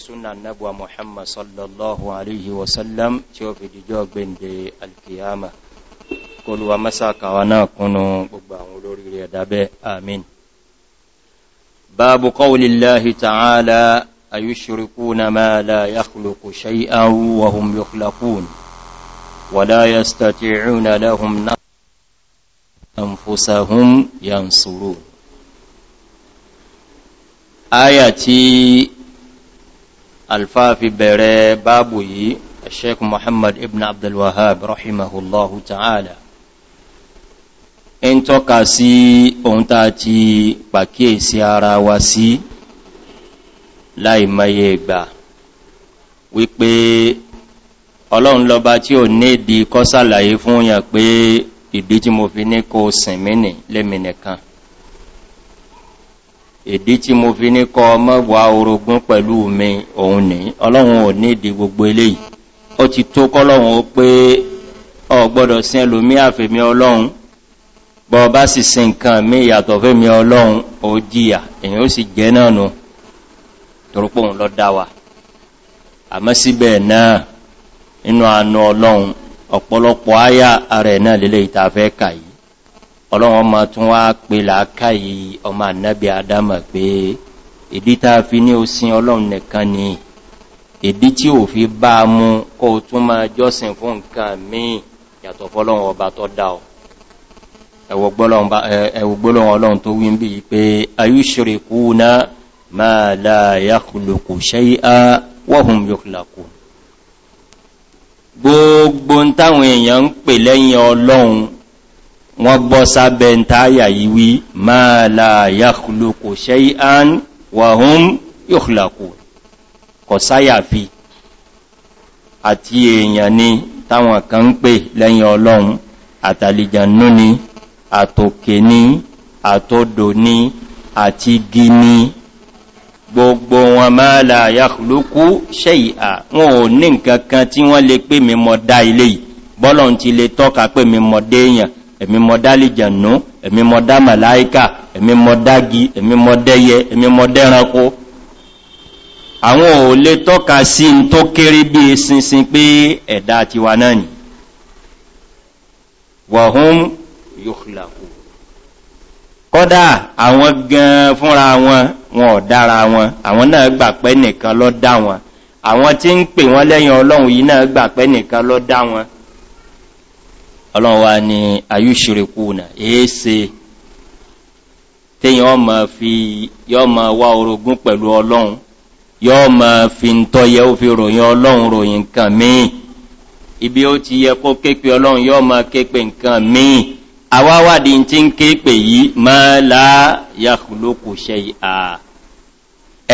sunna nabuwa muhammad sallallahu alaihi wasallam tí ó fi dìjọ́ gbẹ̀ndẹ̀ alkiyama kọluwa masakawa náà kúnnù gbogbo àwọn olórí rẹ̀ dábẹ́ amin babu qawlillahi ta'ala ayushrikuna ma la yakhluqu shay'an wa hum yukhlaqun wa la yastati'una lahum anfusahum yansurun aya tí alfáàfi bẹ̀rẹ̀ báàbù yìí sheik muhammad ibn abdulwahab rahimahullahu ta'ala in tọ́ka sí ohun ta ti pàkíyèsí ara wa sí láìmọye ìgbà wípé ọlọ́run lọba tí ò ní ìdí kọ́sàlàyé fún òyàn pé ìdí tí mo fi ní kó sìn mí nì ìdí tí mo fi ní kọ mọ́wàá orogún pẹ̀lú mi òun ní ọlọ́run ò ní ìdí gbogbo eléyìí ó ti tó kọ́lọ́run ó pé ọgbọ́dọ̀ sí ẹlòmí àfẹ́mí ọlọ́run bọ́ bá sì sí nǹkan mí ìyàtọ̀ fẹ́mí ọlọ́run ó jíyà èyàn ó sì jẹ́ náà nù torípò ọlọ́run ma tún wá pè làákàyè ọmọ ànábì adama pé ìdí tá fi ní ó sin ọlọ́run nìkan ni ìdí tí ò fi bá mú kó tún máa jọ́sìn fún nǹkan míì yàtọ̀ fọ́lọ́run ọba tó dá ọ ń táwọn èèyàn ń pè lẹ́yìn ọlọ́run wọ́n bọ́ sábẹ̀ ń táyà yíwí máa láàyà kùlùkù ṣe án wàhún yóòkùlàkù kọ̀ sáyà àti èèyàn ni táwọn kan ń pè lẹ́yìn ọlọ́run àtàlìjànú ni àtòkè ni àtòdò ni àti gini gbogbo wọn máa láàyà kùlùkù ṣe ìhà wọn ò ní nǹkan kan tí wọ́n lè pè èmi mọ́ dálìjànú èmi mọ́ dá màláíkà èmi mọ́ dági èmi mọ́ dẹ́yẹ èmi mọ́ dẹ́ranko àwọn ò lè tọ́ka sí n tó kéré bí sinsin pé ẹ̀dá tiwa náà ni wọ̀hún yóò kọ́dá àwọn gan fúnra wọn wọn ọ̀dára wọn àwọn náà gbà pé nìkan ló wọn àwọn tí ń pè wọ́n lẹ́yìn ọlọ́run yìí náà gbà pé nìkan ló wọn ọlọ́run wa ni ayúṣìrìkúnà èése tíyàn ọmọ fi yọ́ ma wá orogún pẹ̀lú ọlọ́run yọ́ ma fi ń tọ́yẹ ó fi ròyìn ọlọ́run ròyìn nǹkan míì ibi ó ti yẹ kó képe ọlọ́run yọ́ ma képe nǹkan míì awáwádìí tí ń képe yìí ma láà yàkùlókù ṣe à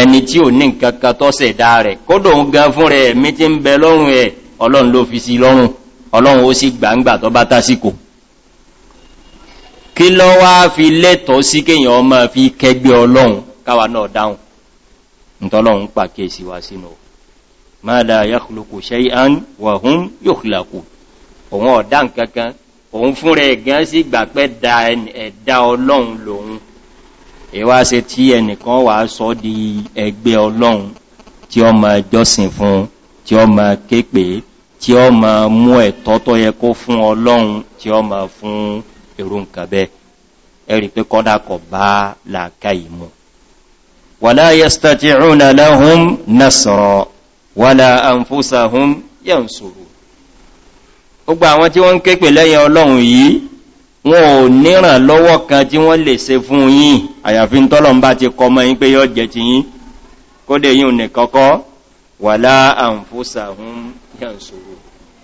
ẹni tí ò ní nǹkan kan tọ́sẹ̀ rẹ̀ kódò ń gan fún rẹ̀ mí ti ń bẹ lọ́rùn ẹ̀ ọlọ́run ló fi sí lọ́rùn ọlọ́run ó sì gbàǹgbà tó bá tásìkò kí lọ wá fi lẹ́tọ̀ọ́ sí kéèyàn ọmọ fi kẹgbẹ́ ọlọ́run káwa náà dáhùn nítọ́lọ́run pàkíyèsí wa mada yakhluqu shay'an wa hum yukhlaqu òun ọ̀dá nkankan òun fún rẹ̀ gan sí gbàpẹ́ da ẹ̀dá ọlọ́run lòun èwá se tí ẹnìkan wà sọ di ẹgbẹ́ ọlọ́run tí ó máa jọ́sìn fún tí ó máa képe tí ó ma mú ẹ̀tọ́ tó yẹ kó fún ọlọ́run tí ó ma fún èrò nǹkan ẹ̀rì pé kọ́dá kọ̀ bá làkà ìmọ̀ wàlá yastati'una lahum nasra wàlá anfusahum yansuru gbogbo àwọn tí wọ́n ń lẹ́yìn ọlọ́run yìí wọn ò níran lọ́wọ́ kan tí wọ́n lè ṣe fún yín àyàfi tọ́lọ̀n bá ti kọmọ yín pé yọ́ jẹ ti yín kódé yín ò nìkọ́kọ́ wàlá anfusahum yansuru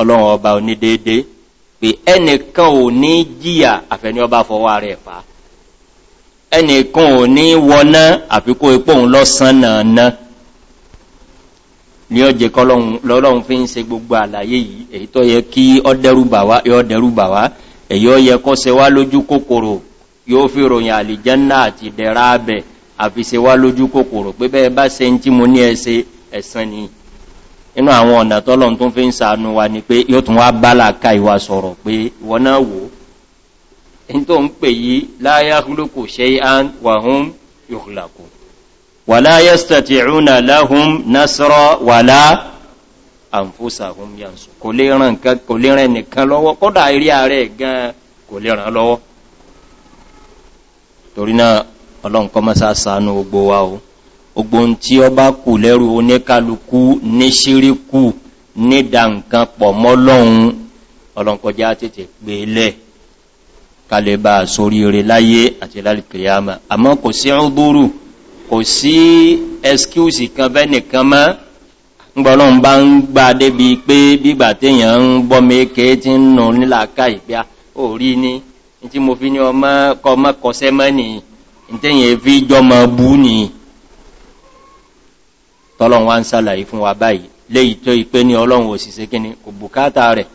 ọlọ́run ọba onídéédé pé ẹnìkan ò ní jíyà àfẹ́ni ọba fọwọ́ rẹ̀ fà ẹnìkan ò ní wọná àfikó ipò òun lọ́sán nàánà ní ọjẹ́ kọlọ́run fi ń se gbogbo àlàyé yìí èyí tó yẹ kí ọdẹrúbà wá èyí ó yẹ kọ́ se wá lójú kòkòrò yóò fi ròyìn àlìjẹ́nà àti ìdẹ̀ra abẹ̀ àfi se wá lójú kòkòrò pé bẹ́ẹ̀ bá se ń tí mo ní ẹsẹ ẹ̀sán ni inú àwọn ọ̀nà tọ́lọ̀n tó fi ń sàánú wa ni pé yóò tún wá bá láàká ìwà sọ̀rọ̀ pé wọ́n náà wò in tó ń pè yí láyá húlùkù ṣe án wàhún yòkùlàkù wà láyé stati rúnà láhún násọ́rọ̀ wà láà àǹfúsàhún torí náà ọlọ́nkọ́ mọ́sá sàánú gbogbo wa gbogbo tí ọ bá kù lẹ́rù oníkálukú ní ṣíríkù ní dànkan pọ̀ mọ́lọ́un ọlọ́nkọjá tètè pè lẹ́ kalẹ̀bà sórí rẹ̀ láyé àti lálìkìyàmà àmọ́ kò sí ọdúrù kò sí ẹskíùsì kan bẹ́nìkan mọ́ ngbọ́lọ́n bá ń gbá débi pé bígbà téèyàn ń bọ́mẹ́kẹ́ tí ń nù nílàkà ìgbà orí ní tọ́lọ́run wá ń sàlàyé fún wa báyìí léyìí tó ipé ní ọlọ́run òsìsẹ́ kíní kò bùkátà rẹ̀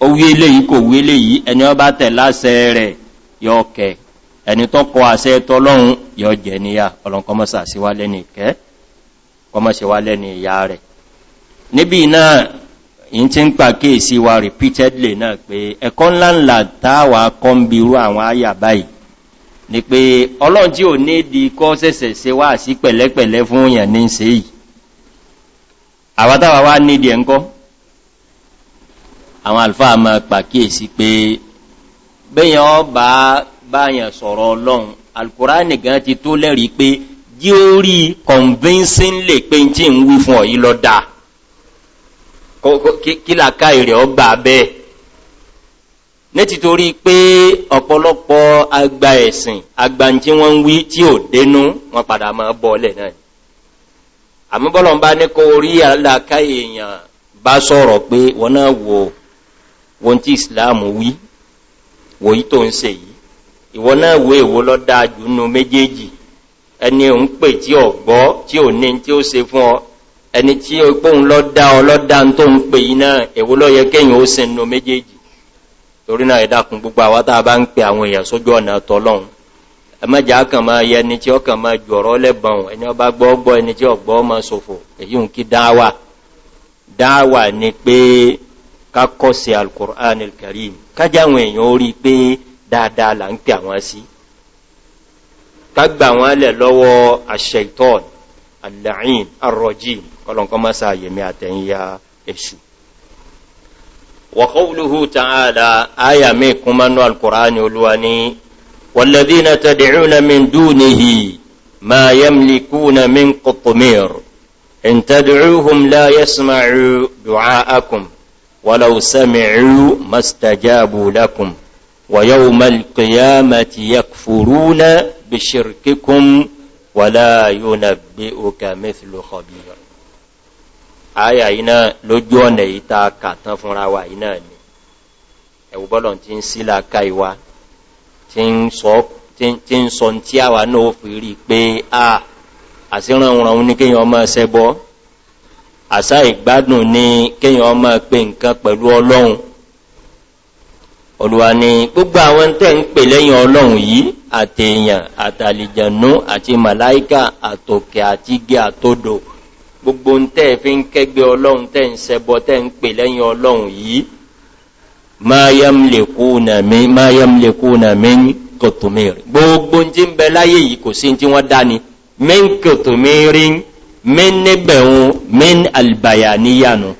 ó wí eléyìí kò wí eléyìí ẹni ọba tẹ̀ láṣẹ rẹ̀ yọ kẹ ẹni tó kọ àṣẹ tọ́lọ́run yọ jẹ níyà ọlọ́run wa repeatedly náà pé ẹ̀kọ́ ńláńlá táwà kọ́ ń bi irú ni pé ọlọ́run tí ò ní di kọ́ sẹ̀sẹ̀ se wá sí pẹ̀lẹ́pẹ̀lẹ́ fún òyàn ní ṣe yìí àwátáwà wá nídi ẹ̀ńkọ́ àwọn alfáà ma pàkíyèsí pé bẹ́yàn ọba báyàn sọ̀rọ̀ ọlọ́run alkùránì gan ti tó lẹ́rí pé jí ó rí convincing lè pé tí ń wí fún ọ̀yí lọ́dá kí làkà ìrẹ̀ ọgbà bẹ́ẹ̀ ní títorí pé ọ̀pọ̀lọpọ̀ agba ẹ̀sìn agba tí wọ́n ń wí tí ò dénú wọn padà máa bọ́ọ̀lẹ̀ náà àmúbọ́lọ̀ bá ní kó orí aláka èèyàn bá sọ̀rọ̀ pé wọ́n náà wo wọ́n tí ìsìláàmù wí wòyí tó ń se yìí ìwọ́n náà wo èwo lọ́dá jùnú méjèèjì ẹni òun pè tí ò gbọ́ tí ò ní tí ó se fún ọ ẹni tí ó pòun lọ́dá ọlọ́dá tó ń pè yìí náà èwo ló yẹ kẹ́yìn ó se nù méjèèjì torí náà ẹ̀dàkùn gbogbo àwátá bá ń pè àwọn èèyàn sójú ọ̀nà tọ́lọ́run ẹmẹ́jà kan máa yẹ ẹni tí ó kàn máa jọ̀rọ̀ lẹ́bọ̀n ẹni ọba gbọ́gbọ́ ẹni tí ọgbọ́ ma sòfò èyí ń kí dáwà dáwà ni pé kákọ́ sí alkùnrán alkarim kájáwọn èèyàn orí pé dáadáa là ń pè àwọn sí kágbà wọn lẹ̀ lọ́wọ́ àṣẹ̀tọ́n aláìn arọjí kọlọ̀nkọ́ kúnmánú alkùnrán olúwa ní والذين تدعون من دونه ما يملكون من قطمير إن تدعوهم لا يسمعوا دعاءكم ولو سمعوا ما استجابوا لكم ويوم القيامة يكفرون بشرككم ولا ينبئك مثل خبير آية iná lójú ọ̀nà ìta kàtán fúnra wa iná ni tí ń sọ tí àwà náà fi rí pé a àsíran ọ̀run ní kíyàn ọmọ ṣẹbọ àṣà ìgbádùn ní kíyàn ọmọ pé nǹkan pẹ̀lú ọlọ́run olùwà ni gbogbo àwọn tẹ́ ń pè lẹ́yìn ọlọ́run yìí àtèèyàn àtàlìjànú àti màláíkà àtòkè àti gẹ àtòdò gbogbo tẹ́ fi ń kẹ́gbẹ́ ọlọ́run tẹ́ ń ṣẹbọ tẹ́ ń pè lẹ́yìn ọlọ́run yìí ma yamlikuna min ma yamlikuna min qutmir gbogbo nti ńbẹ láyé yìí kò sí nti wọ́n dání min qutmirin min nibun min albayaniyanu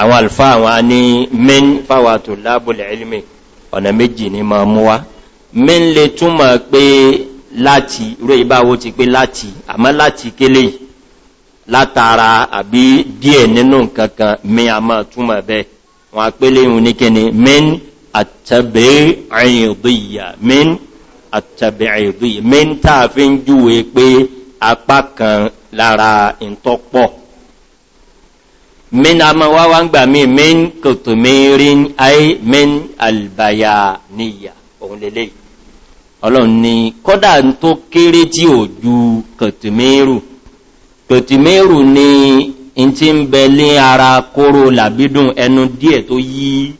àwọn alfa àwọn ni min fawatu labul ilmi ọ̀nà méjì ni ma mú wá min lè túmọ̀ pé láti ro ibawo ti pé láti àmọ́ láti kele látara àbí díẹ̀ nínú nǹkan kan mi a máa túmọ̀ bẹ́ẹ̀ wọn àpélé ìhun ní kíni min àtàbẹ̀ẹ́rìndìyà min àtàbẹ̀ẹ́rìndìyà min tàà fi ń júwe pé apá kan lára ìntọ́pọ̀ min a ma wá wá ń gbà mí min kòtòmírin ay min albaya níyà òun lélẹ̀ ọlọ́run ni kọ́dà tó kéré tí ò ju kòtòmírù kòtòmírù ni in ti ń bẹ ara koro làbídùn enu díẹ̀ tó yí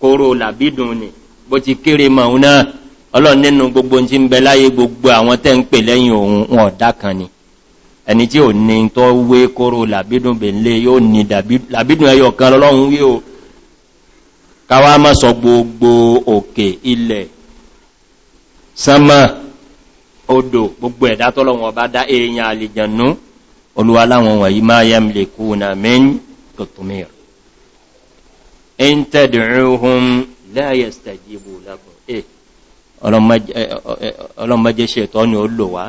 kóró làbídùn ni bó ti kere màún náà ọlọ́run nínú gbogbo ti ń bẹ gbogbo àwọn tẹ́ ń pè lẹ́yìn òun wọn ọ̀dá kan ni ẹni tí ò ní tó wé kóró làbídùn bèlé yóò ní làbídùn ẹyọ kan lọ́lọ́run wí o káwàá má gbogbo oke ilẹ̀ sama odo gbogbo ẹ̀dá tọ́lọ́run ọba dá èèyàn olúwa láwọn wọ̀nyí máa yá mílè kú na mẹ́yìn tọ̀tọ̀mẹ́r in tẹ́dìrìhun láyẹ̀ stẹ̀jìbò lábùn eh ọlọ́mọdé ṣètọ́ ni ó lò wá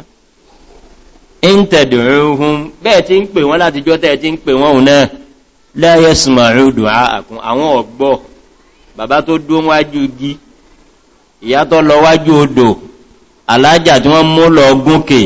in tẹ́dìrìhun bẹ́ẹ̀ tí ń pè wọ́n láti jọ́ tẹ́ẹ̀ tí ń pè wọ́n náà láyẹ̀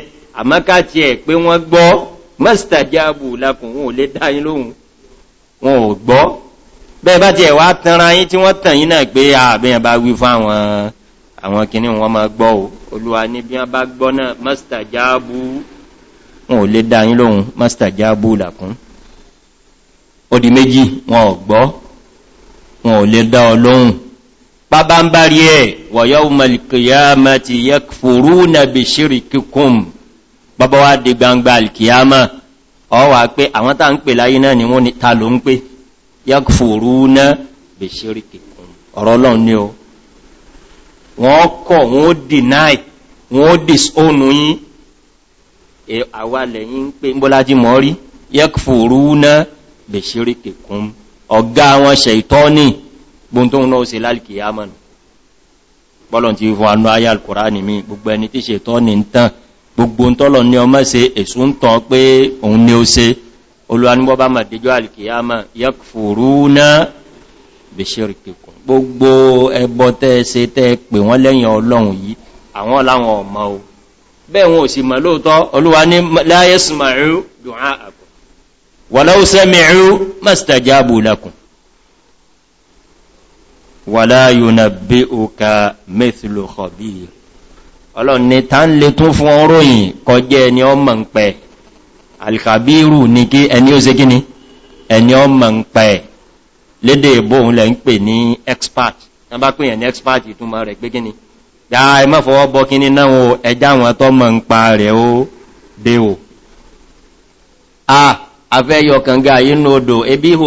àmákàtí ẹ̀ pé wọ́n gbọ́ mọ́sítàjáàbù lákùn wọn ò lè dáyín lóhun wọn ò gbọ́ bẹ́ẹ̀ bá ti ẹ̀wà tanra yín tí wọ́n tàn yín náà pé àbẹ́yàn bá wí fún àwọn àwọn kìíní wọn máa gbọ́ o olúwa ní bí wọ́n bá gbọ́ náà mọ́sítàjáàbù wọn ò lè dáyín bọ́bọ́ wá di gbangba alkiyama ọwà pé àwọn tàà ń pè láyé náà ni wọ́n ni ta ló ń pè yàkùfòrú náà bè ṣíríkì ọ̀rọ̀ lọ́n ní o wọ́n kọ̀ wọ́n deny wọ́n disown yín àwà lẹ́yìn pé ń bọ́lá jí mọ́ rí yàkùfòrú náà bè ṣíríkì kún ọ̀gá gbogbo ń tọ́lọ ní ọmọ ṣe èsù ń tọ́ pé òun ni ó ṣe olúwaníbọ́bá màdéjọ́ alìkìyàmà yẹ́kùfòrúnà bèṣẹ́rìkìkùn gbogbo ẹbọ tẹ́ ṣe tẹ́ pè wọ́n lẹ́yìn ọlọ́run yìí àwọn láwọn ọmọ o bẹ́ẹ̀ wọn ò sì mọ̀ lóòtọ́ olúwa ọlọ́run ni ta ń le tún fún ọrọ̀yìn kọjẹ́ ẹni ọmọ ń pẹ̀ alkabiru ni kí ẹni ó se gíní ẹni ọmọ ń pẹ̀ lédè ìbò òun lẹ ń pè ní expert tán bá pè ẹni expert ìtumọ̀ rẹ̀ pé gíní ya ẹmọ́fọwọ́ bọ́ kíní náà ẹjá àwọn tó mọ̀ ń pa a afẹ́ yọ kànga yínú odò ebí ihò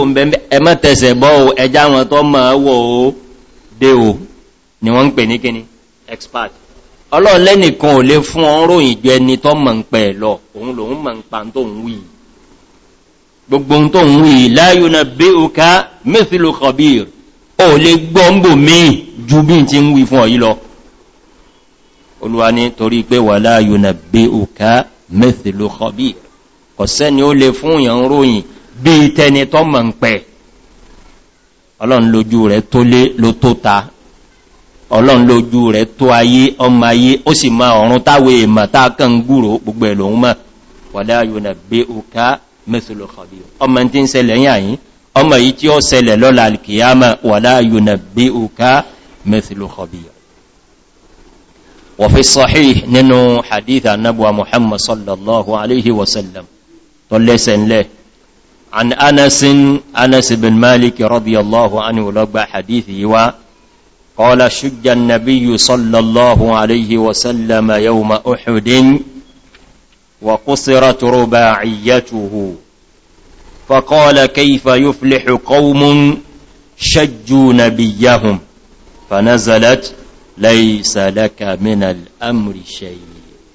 ẹmọ́tẹsẹ̀ bọ́ ẹjá àwọn tó ni wọ́n ń pè ní kíní expert ọlọ́run lẹ́nìkan ò lè fún ọ́n ròyìn jẹ ni tọ́ mọ̀ ń pẹ̀ lọ òun lòun mọ̀ ń pa tó ń wí gbogbo tó ń wí láyúnà bí o ká mẹ́sílò kọbíir ò lè gbọ́mbò míì ju bí ti ń wí fún ọ̀yí lọ olúwa ní torí pé wà láyúnà bí o ká mẹ́sílò kọbíir ọ̀sẹ́ ni ó lè fún yàn ròyìn bí tẹni tọ́ mọ̀ ń pẹ̀ ọlọ́run lójú rẹ̀ tó lé ló ta ọlọ́run lójú rẹ̀ tó ayé ọmọ ayé ó sì máa ọ̀run táwé ìmọ̀ táàkàn gúrò gbogbo ẹ̀lòun mọ́ wàdá yóò bẹ òká mẹ́sùlù kọ̀bí ọmọ tí ń sẹlẹ̀ yàyìn ọmọ yìí tí ó sẹlẹ̀ lọ́la alkiyama wàdá yóò bẹ òká mẹ́sùlù kọ̀bí wọ̀fí sọ́hí nínú قال شج النبي صلى الله عليه وسلم يوم أحد وقصرت رباعيته فقال كيف يفلح قوم شجوا نبيهم فنزلت ليس لك من الأمر شيء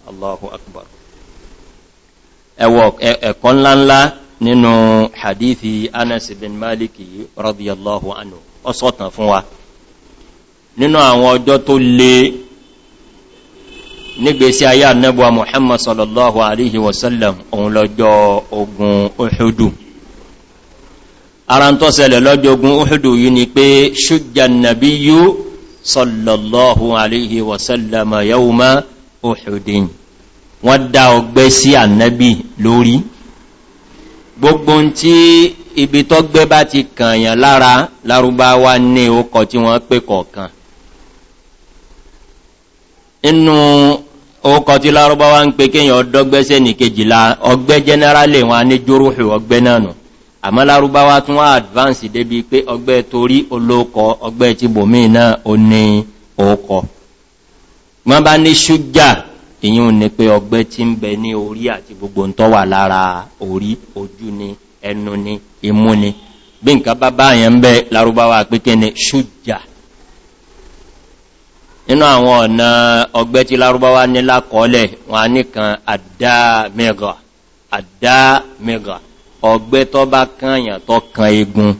الله أكبر ẹ̀kọ́ ńláńlá ننو hadithi أنس بن maliki رضي الله عنه fún wa nínú àwọn ọjọ́ tó le nígbèsí ayé annabuwa muhammad sallallahu alaihi wasallam òun lọ́jọ́ ogun ohudu ara tó sẹlẹ̀ lọ́jọ́ ogun ohudu yìí ni pé ṣújà nàbíyú sallallahu alaihi wasallam yawma ohudin wọ́n dá ọgbẹ́ sí annabi lórí gbogbo tí ibi tọ́gbẹ́ bá ti kànyàn lára lárúbáwá ní okọ̀ tí wọ́n pè kọ̀ọ̀kan inú ọkọ̀ tí lárúbáwá ń pè kíyàn ọdọ́gbẹ́sẹ́ ní kejìlá ọgbẹ́ generally wọn ní jórùhù ọgbẹ́ náà nù àmọ́ lárúbáwá tún wá advance débi pé ọgbẹ́ torí olóòkọ ọgbẹ́ ti bòmí náà ó ní wọ́n bá ní pé ọgbẹ́ gbogbo ni ni nínú àwọn ọ̀nà ọgbẹ́ tí lárúbáwá ní lákọọ́lẹ̀ wọn nìkan àdámẹ́gà ọgbẹ́ tó bá kányàn tó kan egun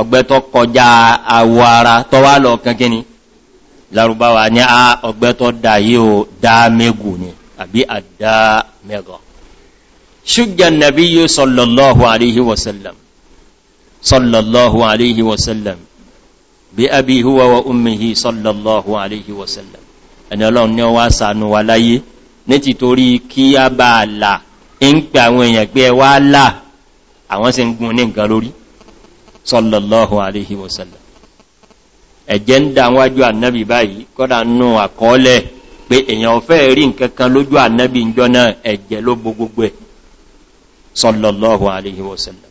ọgbẹ́ tó kọjá awọ ara tó wá lọ kan kíni lárúbáwá ní a ọgbẹ́ tó dá yíò dámẹ́gù ni àbí àdámẹ́gà sallallahu alaihi wasallam sallallahu alaihi wasallam bí abi huwa wa ummihi sallallahu alaihi wasallam ẹni ọlọ́run ni ó wá ṣàánú wa láyé ní ti torí kí a bá là ń pẹ àwọn èèyàn pé ẹ wá là àwọn sì ń gun ní nǹkan lórí sallallahu alaihi wasallam ẹ̀jẹ̀ ń dá wájú ànábì báyìí kọ́dà nù àkọọ́lẹ̀ pé èèyàn fẹ́ rí nkankan lójú ànábì ìjọ náà ẹ̀jẹ̀ ló bo ẹ̀ sallallahu alaihi wasallam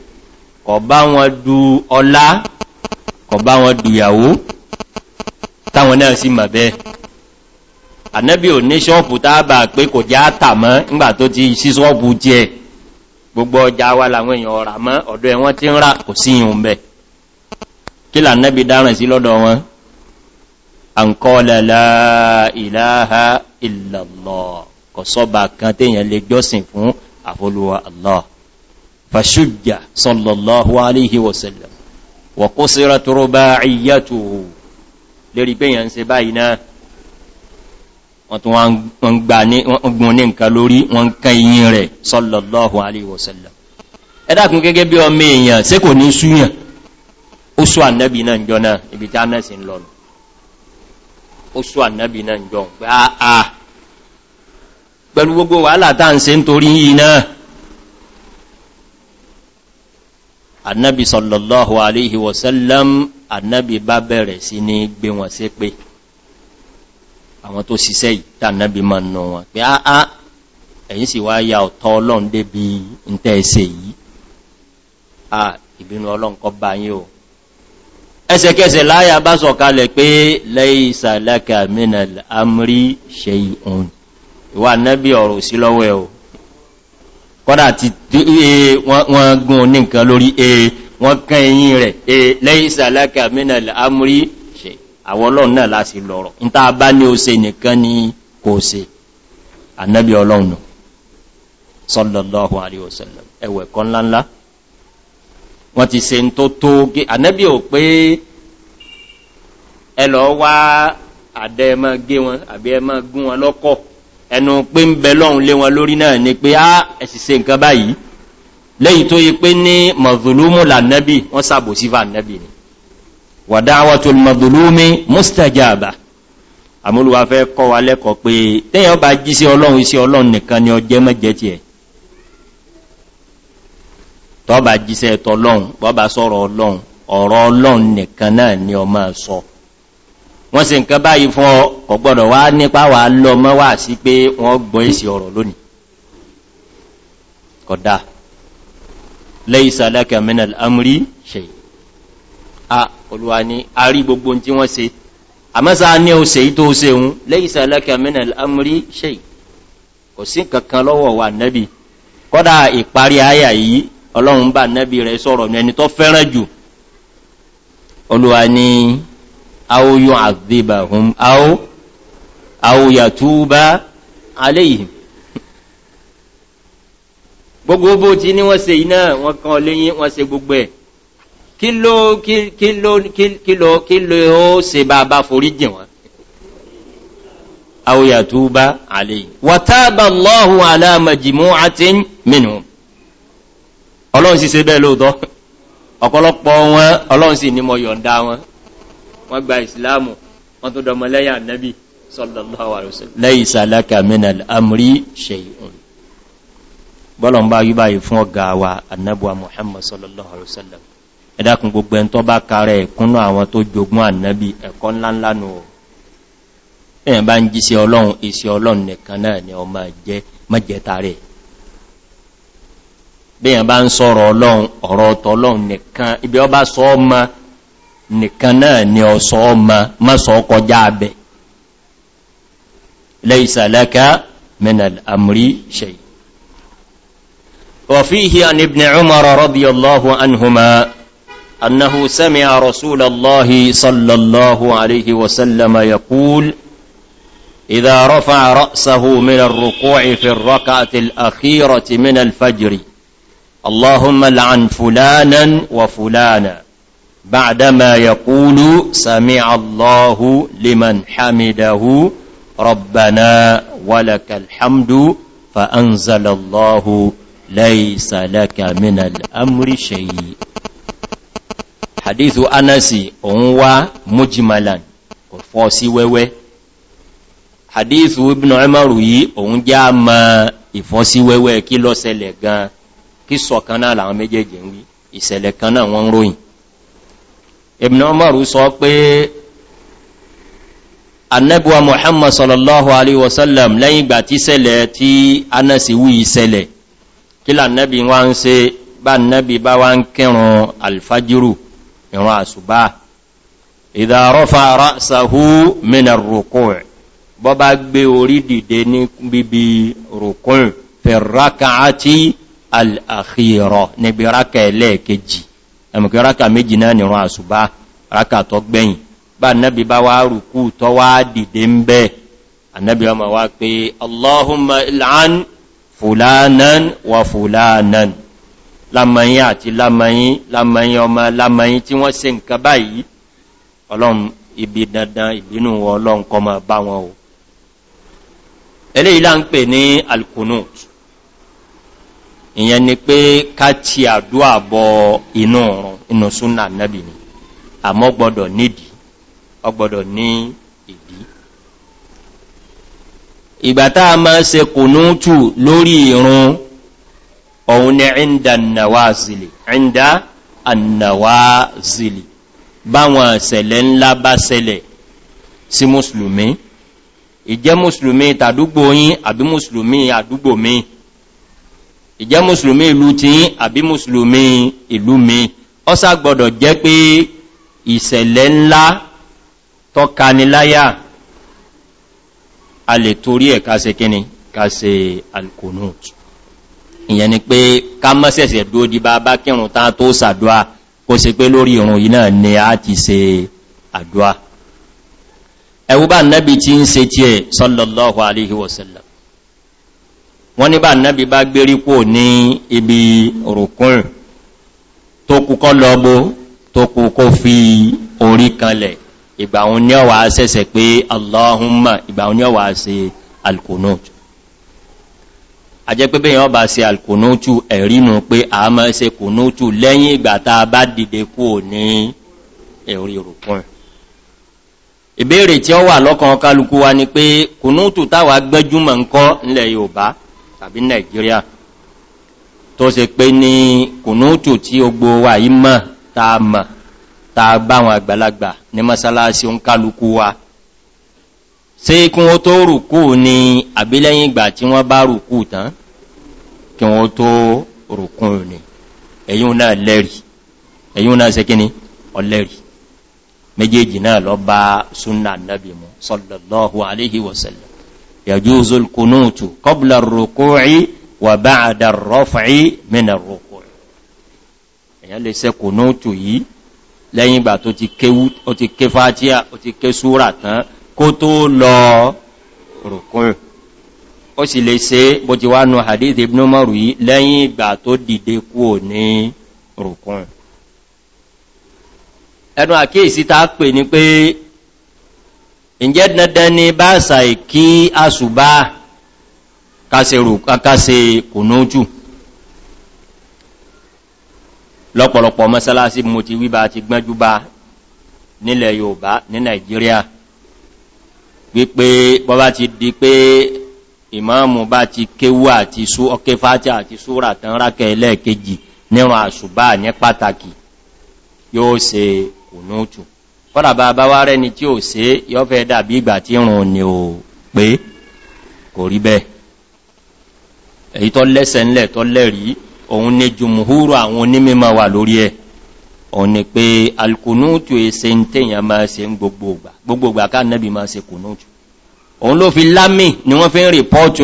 kọ̀ bá wọn du ọlá kọ̀ bá wọn du ìyàwó táwọn náà sí mà bẹ́ẹ̀ ànẹ́bí ò ní ṣọ́ọ̀pù tábà pé kò já tàmọ́ ńgbà tó ti sí ṣọ́ọ̀pù jẹ́ gbogbo ọjà wà láwọn èèyàn ọ̀rà mọ́ ọ̀dọ̀ ẹ̀wọ́n tí ń rà kò sí ìhùn bẹ̀ kí lànẹ́bí dáràn sí lọ́dọ̀ wọn àǹkọ́lẹ̀lá ìlàáha ìlàlọ́ kọ̀sọ́bà kan téèyàn lè jọ́sìn fún àfolúwa allah fàṣújà sallallahu الله عليه sallam wa رباعيته ruba'iyyatuhu lérí pé yàn ń ṣe báyìí náà wọ́n tún wọ́n gbà ní ọgbùn ní nǹkan lórí wọ́n kan iyin rẹ̀ sallallahu alayhi wa sallam ẹ̀dàkùn gẹ́gẹ́ bí ọmọ èèyàn ṣé kò ibi tí anẹ́sì ń lọ́nà ó sú ànábì náà jọ pé àà pẹ̀lú gbogbo wàhálà tá à ń ṣe nítorí yìí annabi sallallahu alaihi wasallam annabi bá bẹ̀rẹ̀ sí ní gbé wọn sí pé àwọn tó ṣiṣẹ́ ìta annabi ma nù wọn pé áá ah, ah, ẹ̀yìn sì wá ya ọ̀tọ́ ọlọ́run débi ìntẹ́ ẹsẹ̀ yìí à ah, ìbínú ọlọ́run kọ bá yí o ẹsẹ̀kẹsẹ̀ láyà bá sọ̀kalẹ̀ pé laysa laka kọ́dà ti e, wọ́n gún ní nǹkan lórí e wọ́n kán eyín rẹ̀ e lẹ́yìn ìsàlákà mẹ́nà àmúrí ṣe àwọn ọlọ́run náà láti lọ́rọ̀ ní tàà bá ní ose nìkan ni kò se annabi ọlọ́run sallallahu wasallam ẹwẹ̀ kan láńlá wọ́n ti se tó tó gé annabi ò pé ẹlọ ẹnu pé ń bẹ lọ́hun lé wọn lórí náà ni pé á ẹ̀sìsẹ́ nǹkan báyìí lẹ́yìn tó yí pé ní mọ̀zùlúmù lànẹ́bì wọ́n sàbò sí fànẹ́bì ni wàdáwọ́tò mọ̀zùlúmù mustajaba àmúlùwà kọ́ wa lẹ́kọ̀ọ́ pé tẹ́yàn bá jí sí ọlọ́run iṣẹ́ ọlọ́run nìkan ni ọjẹ́ mẹ́jẹ́ ti ẹ̀ tọ́ bá jíṣẹ́ tọ́lọ́run bọ́ bá sọ̀rọ̀ ọlọ́run ọ̀rọ̀ ọlọ́run nìkan náà ni ọmọ sọ so wọ́n ṣe nǹkan báyìí fún ọ gbọ́dọ̀ wá nípa wà lọ mọ́ wà sí pé wọ́n gbọ́n èsì ọ̀rọ̀ lónìí kódà laysa laka min al-amri shay a olúwa ni a rí gbogbo tí wọ́n ṣe àmọ́sá ní o ṣe tó ṣe hun laysa laka min al-amri shay kò sí wa nẹ́bì kódà ìparí ayà yìí ọlọ́run bá nẹ́bì rẹ̀ sọ̀rọ̀ ẹni tó fẹ́ràn jù aw yu'adhibahum aw aw yatuba alayhim gbogbo bó ti ní wọ́n ṣe iná wọ́n kan lẹ́yìn wọ́n ṣe gbogbo ẹ̀ kí ló kí ló kí ló kí ló ó ṣe bá bá forí jìn wọ́n aw yatuba alayhim wa taba Allahu ala majmu'atin minhum ọlọ́run sì bẹ́ẹ̀ lóòtọ́ ọ̀pọ̀lọpọ̀ wọn ọlọ́run sì mo yọ̀ǹda wọn wọ́n gba ìsìláàmù wọ́n tó dọmọlẹ́yà nẹ́bí sallallahu alaihi wasallam laysa laka minal amri shay'un bọ́lọ̀n bá yí báyìí fún ọgá wa annabuwa muhammad sallallahu alaihi wasallam ẹ̀dàkùn gbogbo ẹn tó bá kààrẹ ẹ̀kúnnà nìkan náà ni ọ̀sọ́ ọmọ mọ́sọ̀ ọkọjá abẹ laysa laka min al-amri shay wa fihi an ibn umar radiyallahu anhuma annahu sami a rasulallahi sallallahu alaihi wasallama ya kúl idha rafa'a ra'sahu min ar-ruku'i fi ar-rak'ati al-akhirati min al-fajr allahumma la'an fulanan wa fulana بعدما يقول سمع الله لمن حمده ربنا ولك الحمد فأنزل الله ليس لك من الأمر شيء حديث أنسي هو مجملا وفوسي ووي حديث ابن عمر òun já ma ìfọ́síwẹ́wẹ́ kí lọ́sẹ̀lẹ̀ gan kí sọ kan náà làwọn méjèèjì ń wí kan náà wọ́n ń ibn omar sọ pé annabuwa muhammad sallallahu alaihi wasallam lẹ́yìn ìgbà tí sẹlẹ̀ tí anasi wí ìsẹlẹ̀ kí lànàbí wá ń se bá nàbí bá wá ń kírun alfajiru ìran àṣùbá ìdàrọ́fà ráṣàhú mìnà rùkún bọ́ bá gbé orí dìde ní bíbí rùkún fẹ̀rákà àti al'akhirọ̀ níbi rákà ẹlẹ́ẹ̀kejì ẹmùkẹ́ rákà méjì náà nìrún àṣùbá rákà tó gbẹ̀yìn bá nẹ́bí bá wá rùkú tó wá dìde ń bẹ́ ànẹ́bí ọmọ wá pé allahumma il'an fulanan wa fulanan lamayin àti lamayin lamayin ọmọ lamayin tí wọ́n ṣe nǹkan báyìí ọlọ́run ibi dandan ìbínú ọlọ́run kó má bá wọn o ìyẹn ni pé ká ti àdúà bọ inú ọ̀run inú súnà nẹ́bì ni àmọ́ gbọ́dọ̀ nídi ọgbọ́dọ̀ ní ìdí ìgbàtá a máa ṣe kùnútù lórí ìrun ọ̀hun ni ẹ̀ndà nàwázìlì ẹ̀ndà ànàwázìlì báwọn ṣẹlẹ̀ ńlá bá ṣẹlẹ̀ sí mùsùlùmí ìjẹ́ mùsùlùmí tàdúgbò yín àbí mùsùlùmí àdúgbò míì ìjẹ́ mùsùlùmí ìlú tí àbí mùsùlùmí ìlú mi ọ́sá gbọ́dọ̀ jẹ́ pé ìṣẹ̀lẹ̀ ńlá tọ́kaniláyà a lè torí ẹ̀ ká kíni ká alkonut ìyẹn ni pé ká mọ́sẹ̀sẹ̀ dó di bá bá kírùn tá tó sàdúà kó se pé lórí ìrùn yìí náà ni a ti se àdúà ẹwú bá nẹ́bi tí ń se tí ẹ̀ sọ́lọ́lọ́hu wọ́n ní bá nábi bá gbérí kò ní ibi òrùkún tó kúkọ́ lọ́gbó tó kúkọ́ fi orí kanlẹ̀ ìgbàun ní ọwà sẹ́sẹ̀ pé allahumma ìgbàun ní ọwà se alkonotu a jẹ́ pé bẹ́yàn bá se alkonotu ẹ̀rínu pé a mọ́ se konotu lẹ́yìn ìgbà ta bá dìde kò ní ẹ̀rí òrùkún ìbéèrè tí ó wà lọ́kàn kálukú wa ni pé kùnútù táwà gbẹ́júmọ̀ ń kọ́ nílẹ̀ yóò bá tàbí Nàìjíríà tó ṣe pé ní kùnútù tí ó gbó wà yí mọ̀ ta mọ̀ ta báwọn àgbàlagbà ní mọ́sálásí ń kálukú wa ṣe kí wọ́n tó rùkú ní àbílẹ́yìn ìgbà tí wọ́n bá rùkú tán kí wọ́n tó rùkú ní ẹ̀yún náà lẹ́rì ẹ̀yún náà ṣe kíní ọlẹ́rì méjèèjì náà lọ bá súnnà nábì mu sallallahu alaihi wasallam يجوز القنوت قبل الركوع وبعد الرفع من الركوع èyàn lè ṣe kùnútù yìí lẹ́yìn ìgbà tó ti kéwú ó ti ké fàtíà ó ti ké súrà tán kó tó lọ rùkún ó sì lè ṣe bó ti wá nù hadith ibn Umar yìí lẹ́yìn tó dìde kúò ní rùkún ẹnu àkíyèsí ta pè ní pé ìjẹ́ dandan ni bá sàì kí àṣùbá kásẹ̀ kùnújù lọ́pọ̀lọpọ̀ mọ́sálásí mo ti wíbá ti gbẹ́jú bá nílẹ̀ Yorùbá ní Nàìjíríà wípé bọ́bá ti di pé ìmáàmù bá ti kéwú àti sú ọké fàtí àti súra tán rákẹ̀ ẹlẹ́ẹ̀kejì níwọ̀n àṣùbá ní pàtàkì yóò ṣe kùnújù kọ́dà bá bá wá rẹni tí ò sí yọ́ fẹ́ dàbí ìgbà tí rùn ní ò pé kò rí bẹ́ẹ̀ èyí tọ́ lẹ́sẹ̀ ńlẹ̀ tọ́ lẹ́rí òun ní jùmùhúrù àwọn onímọ̀ wà lórí ẹ̀ òun ni pé alkunútù èsẹ ń tèyàn máa se ń gbogbogbà gbogbogbà ká nẹ́bí máa se kunútù òun ni wọ́n fi ń rìpọ́ọ̀tù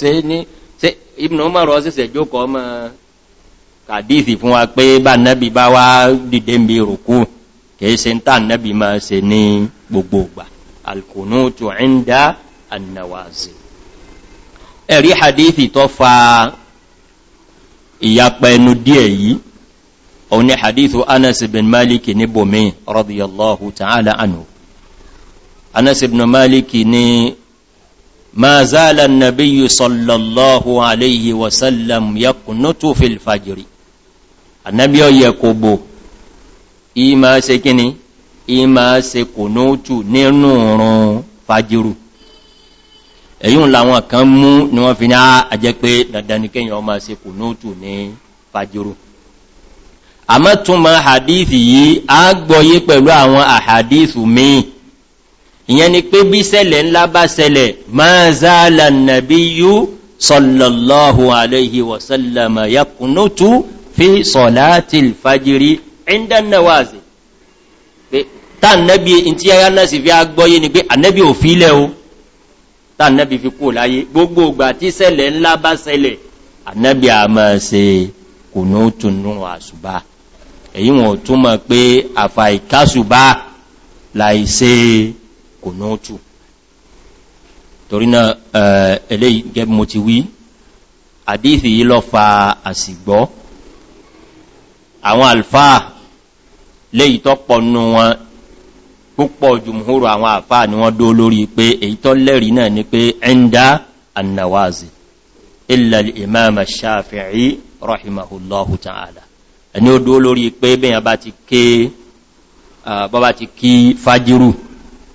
se ní Ibn Umar ṣẹ̀ṣẹ̀ jókọ ọmọ kàdífì fún wa pé bá nẹ́bí bá wá dìde ń bí rùkú kìí ṣe ń tà nẹ́bí máa ṣe ní gbogbo ìgbà al-kunutu inda an-nawazil ẹ̀rí hadithi tó fa ìyapa ẹnu díẹ̀ yìí òun ni hadithu Anas ibn Malik ní bòmí radiyallahu ta'ala anhu Anas ibn Malik ní ma zala nabiyu sallallahu alayhi wa sallam ya kunutu fil fajiri annabi ó yẹ kó bò ima ṣe kíni ima ṣe kunutu nínú run fajiru eyun làwọn kan mú ni wọ́n fi ní a jẹ́ pé dandan ni kéèyàn ó máa kunutu ní fajiru àmọ́ ma hadithi yìí a gbọ́yé pẹ̀lú àwọn ahadithu míì ìyẹn ni pé bí sẹ́lẹ̀ ńlá bá sẹlẹ̀ máa záàlà nàbí yú sọlọ̀lọ́hù aléhì wọ̀sọ́lọ̀mọ̀ yakunútú fi sọ̀láti fàjírí ẹ̀ndánnáwàzì tánàbí tí a yánà sí fi agbọ́yé ni pé ànẹ́bí ò fílẹ̀ o tánàbí fi kú láyé gbogbo ìgbà tí sẹ́lẹ̀ ńlá bá sẹlẹ̀ ànẹ́bí a èyí wọn túnmọ̀ pé àfàìkásùbá láìsẹ́ kònótù torí náà eh, eléyìí gẹ́ mo ti wí àdífì yí lọ fa àsìgbọ́ àwọn alfáà léyìí tó pọ̀nù wọn púpọ̀ jùmúhúrù àwọn àfáà ni wọ́n dó lórí pé èyí tó lẹ́rí náà ni pé ẹ́ndá annawazi illal imam shafi'i rahimahullahu ta'ala ẹni ó dó lórí pé bẹ́yàn bá ti ké ah, bàbá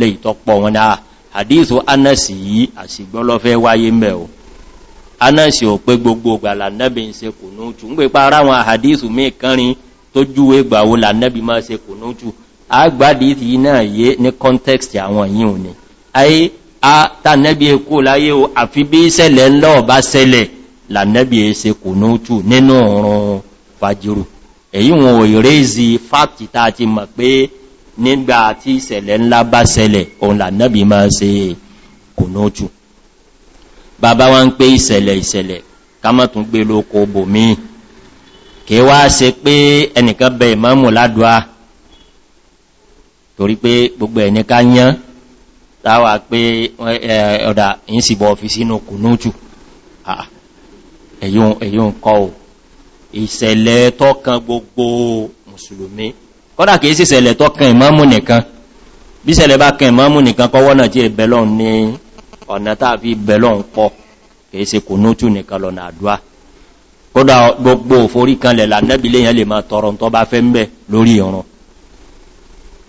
lè ìtọpọ̀ wọn dáa àdíìsù anẹ́sì yìí àṣìgbọ́lọ́fẹ́ wáyé mẹ́ o anẹ́sì ò pé gbogbo gbàlà nẹ́bí ń se kò nútù ń pè ara wọn àdíìsù mí kánrin tó júwé gbàwó là nẹ́bí se kò nútù agbádìí náà yé ní context àwọn yìí ò a ta nẹ́bí ekó láyé o àfi bí sẹ́lẹ̀ ńlọ́ ọ̀bá sẹ́lẹ̀ là nẹ́bí ẹsẹ e kò nútù nínú ọ̀run fajiru nígbà tí ìṣẹ̀lẹ̀ ńlá bá ṣẹlẹ̀ òun lànàbí máa ṣe kò náà jù bàbá wá ń pé ìṣẹ̀lẹ̀ ìṣẹ̀lẹ̀ kámọ́tún gbé lóko bò míì kí wá ṣe pé ẹnìkan bẹ ìmọ́mù ládùá torí pé gbogbo ẹni ká yán láwà pé ọ̀dà ìsìnbọ̀ ọ̀fíìsì inú kò jù èyí ń kọ́ ìṣẹ̀lẹ̀ tọ́kan gbogbo mùsùlùmí kọ́dà kìí sì sẹ̀lẹ̀ tó kan ìmọ́mù nìkan bí sẹ̀lẹ̀ bá kan ìmọ́mù nìkan kọwọ́ náà tí è bẹ̀lọ́n ní ọ̀nà tàà fi bẹ̀lọ́n pọ̀ kìí sì kò nótù nìkan lọ́nà àdúwà kọ́dà gbogbo òforí kan lẹ̀ lànẹ́bìléyàn lè máa tọrọ tó bá fẹ́ mẹ́ lórí ọ̀run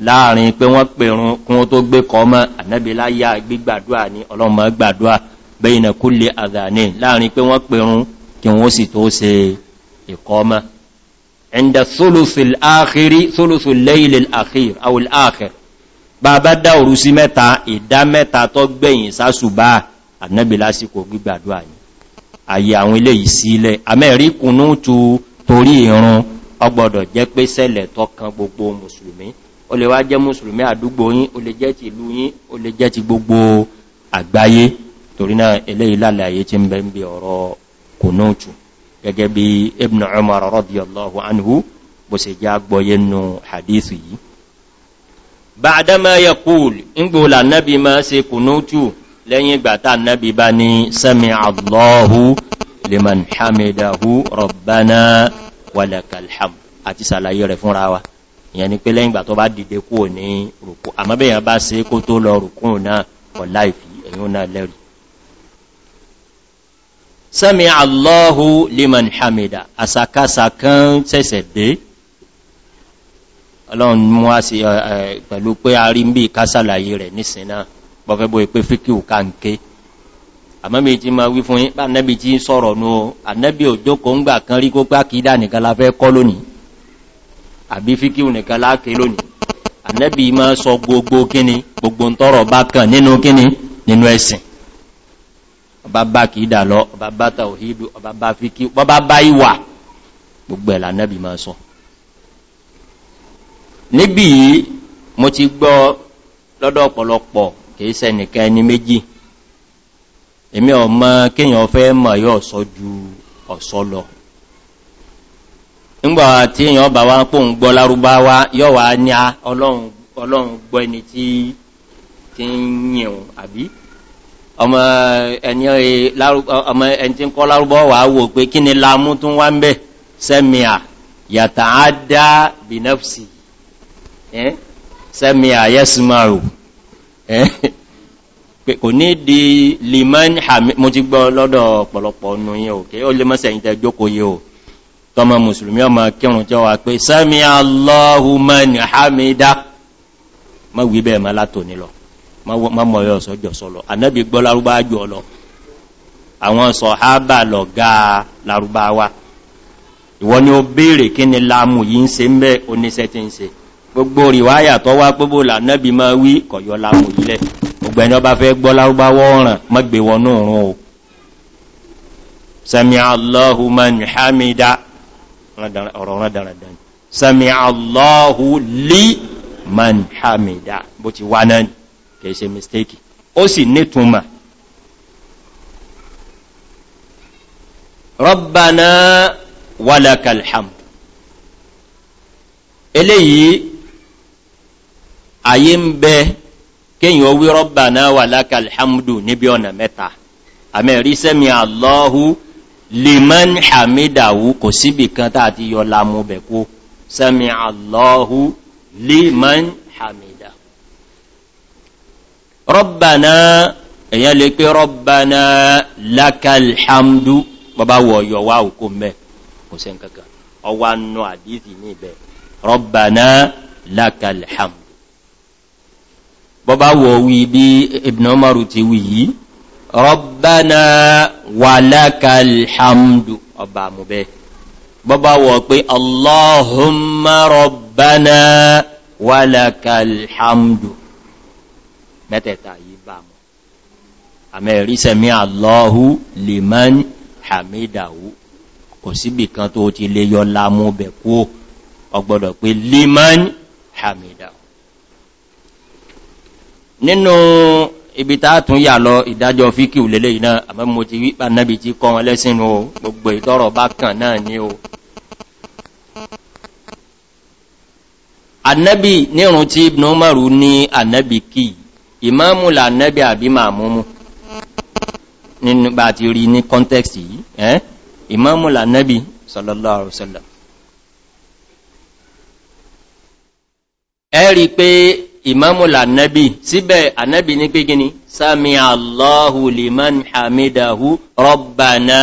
láàrin pé wọ́n pèrún kún tó gbé kọmọ́ ànẹ́bìláyà gbígbàdúà ní ọlọ́mọ gbàdúà ẹ̀ndà sólùsù lẹ́ilẹ̀ àkír àwòl àkír bá bá dá òru sí mẹ́ta ìdá mẹ́ta tó gbẹ̀yìn sásùbá ànábì lásìkò gbígbàdúwà yìí àyè àwọn ilé yìí sílẹ̀ amẹ́rí kùnú tu torí ìrun ọgbọ̀dọ̀ jẹ́ pé sẹ́lẹ̀ tó kan gbogbo mùsùlùmí o lè wá jẹ́ mùsùlùmí àdúgbò yín o lè jẹ́ ti ìlú yín o lè jẹ́ ti gbogbo àgbáyé torí náà eléyìí lálàyé tí ń bẹ́ ń bí gẹ́gẹ́ bí ibn umar radiyallahu anhu bó se já gbọ́yé nù hadithu yìí ba'dama yaqul ngbòlà nábi ma se kùnútù lẹ́yìn gbàtà nábi bá ní sami'a allahu liman hamidahu rabbana walakal hamd àti sàlàyé rẹ̀ fúnra wa ìyẹn ni pé lẹ́yìn gbà tó bá dìde kúrò ní rùkú àmọ́bẹ̀yàn bá se kó tó lọ rùkú náà for life èyí náà lẹ́rìí sami allahu liman hamida asakasa kan sẹ́sẹ̀ dé ọlọ́run mú a sí pẹ̀lú pé a rí bí kásàlàyé rẹ̀ nísìnà pọ̀fẹ́bọ̀ ìpé fíkíù káǹké àmọ́bí tí ma wí fún yí tí sọ̀rọ̀ ní o òjókò ń gbà kan rí kó pá nìkan la fẹ́ kọ́ lónìí ọba bá kìí dà lọ ọba bá tàwòhídú ọba bá fi kí ọba bá ìwà gbogbo ẹ̀là nẹ́bì máa sọ níbi yìí mo ti gbọ́ lọ́dọ̀ ọ̀pọ̀lọpọ̀ kìí sẹ́nìkẹ́ ẹni méjì èmi ọmọ kíyàn fẹ́ mọ̀ yóò sọ ju ọ̀sọ́ lọ ńgbà tí èyàn bá wá ń gbọ́ lárúbáwá yóò wá ní ah, ọlọ́run gbọ́ ẹni tí ń yìnrùn àbí ọmọ ẹni tí ń kọ́ lárúbọ́ wà wò pé kí ni lámú tún wá ń bẹ̀ sẹ́mìà yàtà á dá bìnẹ́fsì sẹ́mìà yẹ́sìmọ̀rù pé kò ní di liman hamid mo ti gbọ́ lọ́dọ̀ ọ̀pọ̀lọpọ̀ ọ̀nà yẹn òkè ó lè mọ́sẹ̀ ìtẹ́ jókòó yẹ o tọmọ mùsùlùmí ọmọ kírùn jọ wà pé sẹ́mìà lọ́hùmọ́ ni hamida mọ́ wíbẹ̀ mọ́ látò nílọ̀ mọ́mọ̀ yọ sọ́jọ́ sọ́lọ̀ ànábì gbọ́ lárúbá jù ọ lọ àwọn sọ̀hábà lọ gáà lárúbá wa ìwọ ni ó béèrè kí ni láàmù yìí ń se ń bẹ́ oníṣẹ́ ti ń se gbogbo ríwáyà tó wá gbogbo lànábì máa wí kọ̀yọ láàmù ilẹ̀ ògbẹ̀ni ọba fẹ́ gbọ́ lárúbá wọ́ọ̀ràn allahu man hamida ọ̀rọ̀ rán dáradára sami allahu li man hamida bó ti wá náà kìí ṣe mistake ó sì nítúnmà Rabbana walakal hamd eléyìí ayé ń bẹ kíyàn ó wí Rabbana walakal hamdu níbi ọ̀nà mẹ́ta àmẹ́rí sẹ́mi Allahu liman hamidahu kò síbì kan tàà ti yọ lámú bẹ̀kú sẹ́mi Allahu liman hamidahu rọ́bàná èyàn lè pé rọ́bàná lákàlhamdú bọ́bá wọ ọ̀yọ̀ wá òkú mẹ́ kò sẹ́ kankan ọwá nù àdífì ní ibẹ̀ rọ́bàná lákàlhamdú bọ́bá wọ wí bí ibn omaru ti wí yìí rọ́bàná wà lákàlhamdú ọba mú bọ́bá wọ pé allahumma rọ́bàná wà lákàlhamdú mẹ́tẹ̀ẹ̀ta yìí bá mọ̀ àmẹ́rí sẹ̀mí àlọ́hú lè mọ́n hamidahu kò síbì kan tó ti lè yọ lámú bẹ̀ kó ọgbọ̀dọ̀ pé lè mọ́n hamidahu nínú ibi tàà tún yà lọ ìdájọ́ fíkíù lélẹ̀ iná àmọ́ mo ti wípa ti ibn umaru ní annabi kìí ìmáàmù là nẹ́bẹ̀ àbí màmúmù nínú bá ti rí ní context yìí ẹ́ ìmáàmù là nẹ́bí sallallahu alaihi wasallam ẹ̀rí pé ìmáàmù là nẹ́bí síbẹ̀ ànẹ́bí ní pé gíní sami allahu liman hamidahu rabbana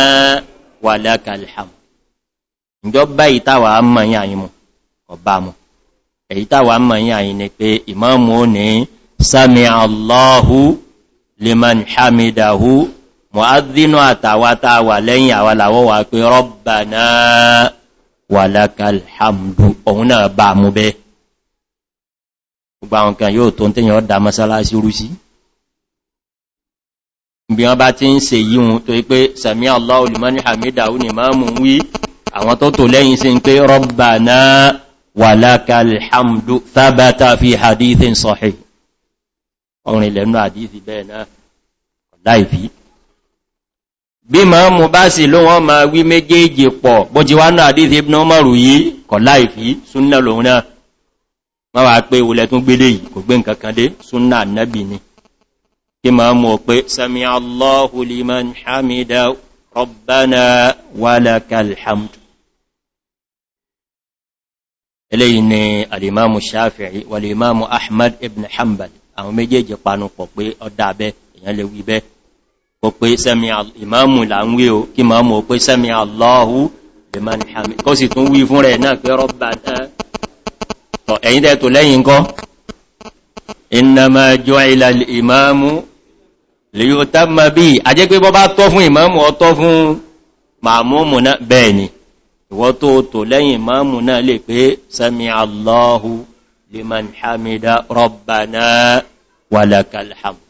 walakal hamd ìjọba ìtawà mọ̀ yín àyín mu ọba ni sami allahu liman hamidahu mu'adhdhinu àtàwátà wà lẹ́yìn àwàlàwọ́ wà pé rabbana wa lakal hamdu òun náà bá mú bẹ́ gbogbo àwọn kan yóò tó ń tẹ́yàn ọ̀dá masalasi rúsí bí wọ́n bá ti ń ṣe yíhun tó sami allahu liman hamidahu ni máa mú wí àwọn tó tó lẹ́yìn sí pé rabbana wa hamdu thabata fi hadithin sahih ọ̀rìn lẹ́nu àdífì bẹ́ẹ̀ náà láìfí bí ma mú bá sì ló wọ́n ma wí méjèèjì pọ̀ bó ti wá náà àdífì ibn ọmọrù yìí kọ̀ láìfí súnnà lòun náà ma wà pé ìwòlẹ̀ tún gbélé yìí kò gbé nǹkan kan dé súnnà nábì ni kí shafi'i walìmáàmù ahmad ibn hanbal àwọn méjèèjì panupọ̀ pé ọdá bẹ́ èyàn lè wí bẹ́ kò pé sẹ́mi ìmáàmù là ń wí o kí máàmù o pé sẹ́mi aláhù lèmọ́ni hàmì kó sì tún wí fún rẹ̀ náà pé rọ́bà tọ́ ẹ̀yìn tẹ́ tó lẹ́yìn kọ́ ìnàmà jọ ilẹ̀ ìmáàmù lè yóò tá mọ́ bí pé bọ́ bá ìmáàmù لمن hamida ربنا ولك الحمد.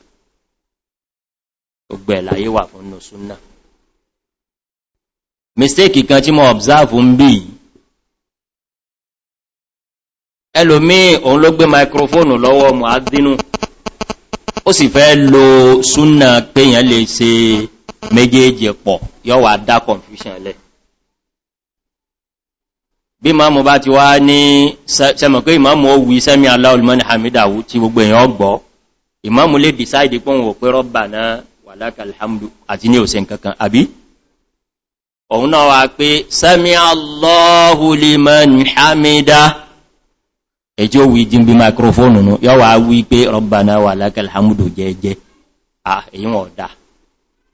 gbogbo ẹ̀láyé wà fún nù súnnà mistake kan tí mo observe ń bí ẹlòmí òun ló gbé microphone lọ́wọ́ muadinu ó sì fẹ́ lo súnnà péyàn lè ṣe méjèèjì pọ̀ yọ́wà dá confusion lẹ́ẹ̀ bí máàmù bá ti wá ní sẹ́mọ̀ pé ìmáàmù ó wí sẹ́mí aláwọ̀lmọ́ni hamidawu tí gbogbo èèyàn gbọ́ ìmáàmù lè dìsáìdì pọ́n wò pé rọ́bà náà wà lákàlhamdu àti ní òsìn kankan àbí òun náà wà pé sẹ́mí aláwọ̀lmọ́ni hamida ẹjọ́ wí jí bí microphone nù yọ́ wà wí pé rọ́bà náà wà lákàlhamdu jẹ́ẹ̀jẹ́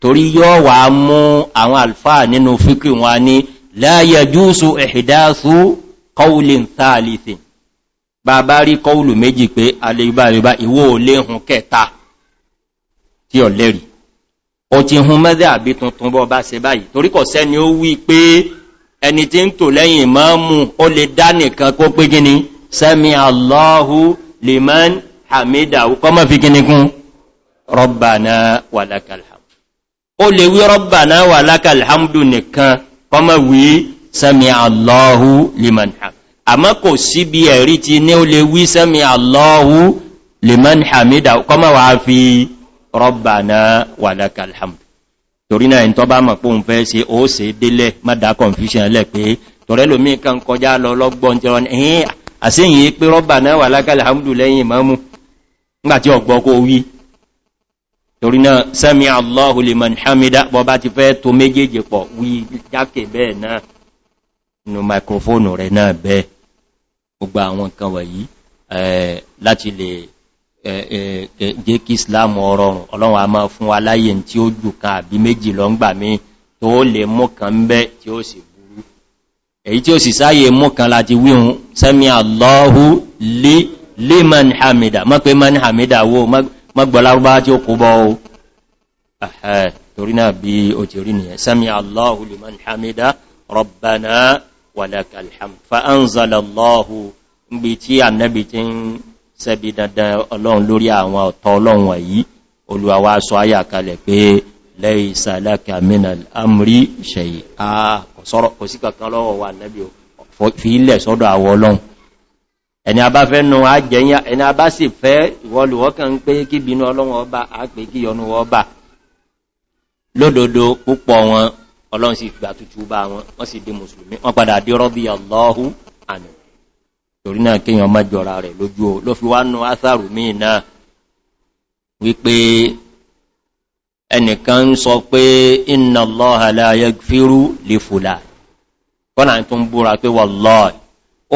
torí yọ́ láyé júúsù ẹ̀hìdáṣù kọ́ùlì tààlìtì bàbá rí kọ́ùlù méjì pé alẹ́gbàrẹ́bá ìwó oléhun kẹta tí ọ lẹ́rì o ti hun mẹ́dẹ́ àbí tuntun bọ́ bá se báyìí toríkọ̀ sẹ́ni ó wí pé ẹni tí ń tò lẹ́yìn mọ́mù ó lè dá nìkan kó pé gíní sẹ́mi aláhù lèmọ́n hamida kọ́mọ́ fi gíní kún rọ́bà náà wà lákàlhàmdù nìkan kọmọ̀ wí sẹ́mi àlọ́hu lèmọ̀nà àmọ́ kò sí bí ẹ̀rí ti ní ó lè wí sẹ́mi àlọ́hu lèmọ̀nà mídà kọmọ̀ wà fi rọ́bà náà wà lákàlhàmù torí náà ìntọ́ bá mọ̀ pé òun fẹ́ ṣe ó ṣe délẹ̀ mọ́dá confusion torí náà sami allahu liman hamida bọ́ bá ti fẹ́ tó méjèèjì pọ̀ wí jákè bẹ́ẹ̀ náà nù maikrofóònù rẹ̀ náà bẹ́ẹ̀ gbogbo àwọn nǹkan wọ̀nyí láti lè jẹ́ kí islam ọrọ̀rùn ọlọ́run a máa fún aláyé tí ó jù kan àbí méjì lọ ń gbà mí tó mọ́ pé man hamida wo mọ́gbọ̀ lárúbá tí ó kó bọ́ o ẹ̀hẹ́ torí náà bí o ti rí nìyẹn sami allahu liman hamida rabbana walakal hamd fa anzala allahu ngbi tí annabi ti ń sẹ́bi dandan ọlọ́run lórí àwọn ọ̀tọ́ ọlọ́run wọ̀nyí olúwa sọ ayà kalẹ̀ pé laysa ẹni a bá fẹ́ nù àjẹyàn ẹni a bá sì fẹ́ ìwọlùwọ́kàn ń pé kí bínú ọlọ́run ọba a pè kí yọnú ọba lódòdó púpọ̀ wọn ọlọ́run sì gbà tútù bá wọn wọ́n sì di mùsùlùmí wọ́n padà dí rọ́bí ọlọ́hu ànà torí náà kíyàn má jọra rẹ̀ lójú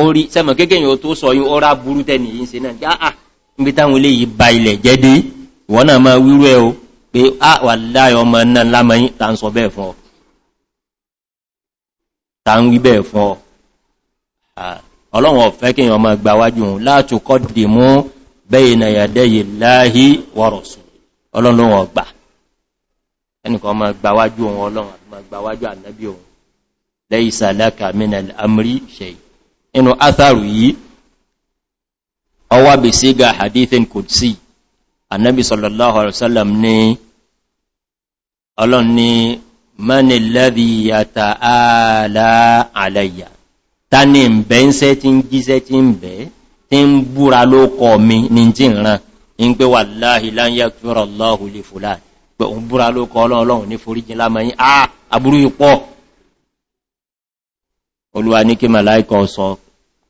orí sẹ́mọ̀ kéèkéyàn tó sọ yí ọ́rá burú tẹ́ni yí ń se náà já à ah, níbi táwọn ilé yìí ba ilẹ̀ jẹ́dé ìwọ́n náà máa wírú ẹ o pé a wà láì ọmọ náà lámọ́yín ta ń sọ bẹ́ẹ̀ fún ọ ta ń wí bẹ́ẹ̀ fún ọ ah, ọlọ́run ọ̀fẹ́ kí èèyàn máa wájú òun láti kọ́ inú atharu yìí ọwá bí sí ga hadithin kudsi annabi sallallahu alaihi wasallam ni ọlọ́n ni mani lẹ́bí yàtà ààlá àlẹ́yà ta ni ń bẹ́ ń sẹ́ tí ń gíṣẹ́ tí ń bẹ́ tí ń búra ló kọ mi ní tí ń ran in pé wà láhì láyé fúrọ̀ lọ́hù lè fúlà pẹ̀ òun búra ló kọ ọlọ́run ní foríjìn lámọ́ yí ah aburú ipọ̀ olúwa ní kí màláìkà sọ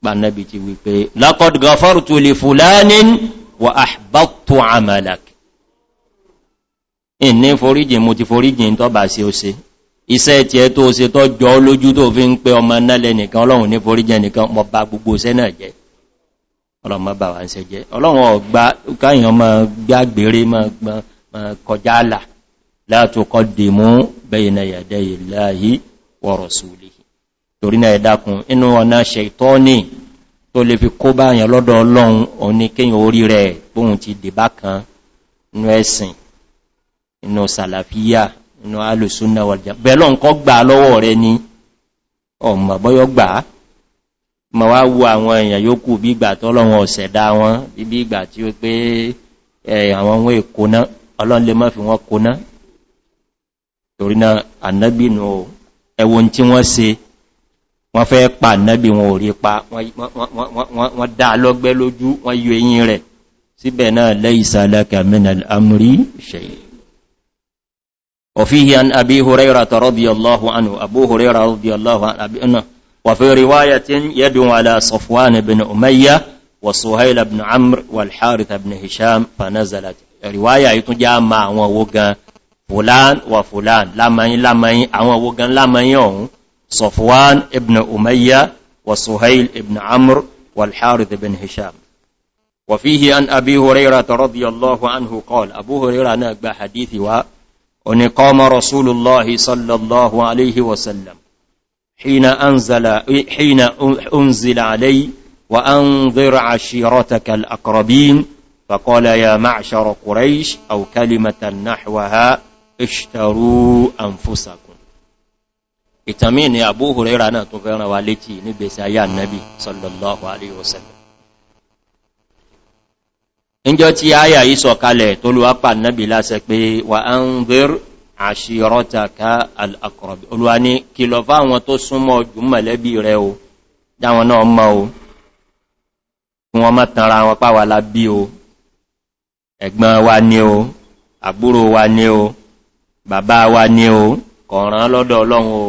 pànẹ́bì ti wípé laqad ghafartu li fulanin wa ahbattu amalak in ní foríjìn mo ti foríjìn tó bá sí ó se iṣẹ́ tí ẹ tó ṣe tó jọ lójú tó fi ń pé ọmọ nálẹ̀ nìkan ọlọ́run ní foríjìn nìkan mọ bá gbogbo iṣẹ́ náà jẹ́ ọlọ́run má bà ń ṣe jẹ́ ọlọ́run ọgbá torí náà ẹ̀dàkùn inú ọ̀nà ṣẹ̀tọ́nì tó lè fi kó báyàn lọ́dọ̀ ọlọ́run òní kíyàn orí rẹ̀ bóhun ti dìbá kan inú ẹ̀sìn inú sàlàfíà inú alùsúnnà wàljá bẹ̀lọ́ nǹkan gbà lọ́wọ́ rẹ ni ọmọ bọ́yọ́ gbà ma wá wo àwọn èèyàn yókù bí ìgbà tọ́lọ́run ọ̀sẹ̀ dá wọn bí ìgbà tí ó torí náà ànábìnú ẹwọ́n tí wọ́n se wọ́n fẹ́ pa náàbí wọn ò rí pa wọ́n dá lọ́gbẹ́ lójú wọ́n yíò eyín rẹ̀ síbẹ̀ náà lẹ́ìsàlákà mẹ́nàl amúrí ṣẹ̀yìn وفيه عن أبي هريرة رضي الله عنه أبو هريرة رضي الله عنه وفي رواية يدعو على صفوان بن أمية وصهيل بن عمر والحارث بن هشام فنزلت رواية يتجا مع ووغا فلان وفلان لمن لمن ووغا لمن يوم صفوان ابن أمية وسهيل ابن عمرو والحارث بن هشام وفيه أن أبي هريرة رضي الله عنه قال أبو هريرة نقبى حديثي و قام رسول الله صلى الله عليه وسلم حين أنزل, حين أنزل علي وأنظر عشيرتك الأقربين فقال يا معشر قريش أو كلمة نحوها اشتروا أنفسكم ìtàmí ni Abu Hurairah náà tún fẹ́ràn wa létí nígbèsí ayá Nabi sallallahu alaihi wasallam níjọ́ tí ayà yìí sọ kalẹ̀ tó lù wápà Nabi láṣẹ pé wa anzir àṣírọ́taka al-aqrab olúwa ní kìlọ̀ fáwọn tó súnmọ́ jù mọ̀lẹ́bí rẹ o dáwọn náà mọ́ o fún wọn mọ́tànra wọn páwà lábí o ẹ̀gbọ́n wa ní o àbúrò wa ní o bàbá wa ní o kọ̀ọ̀ràn lọ́dọ̀ ọlọ́run o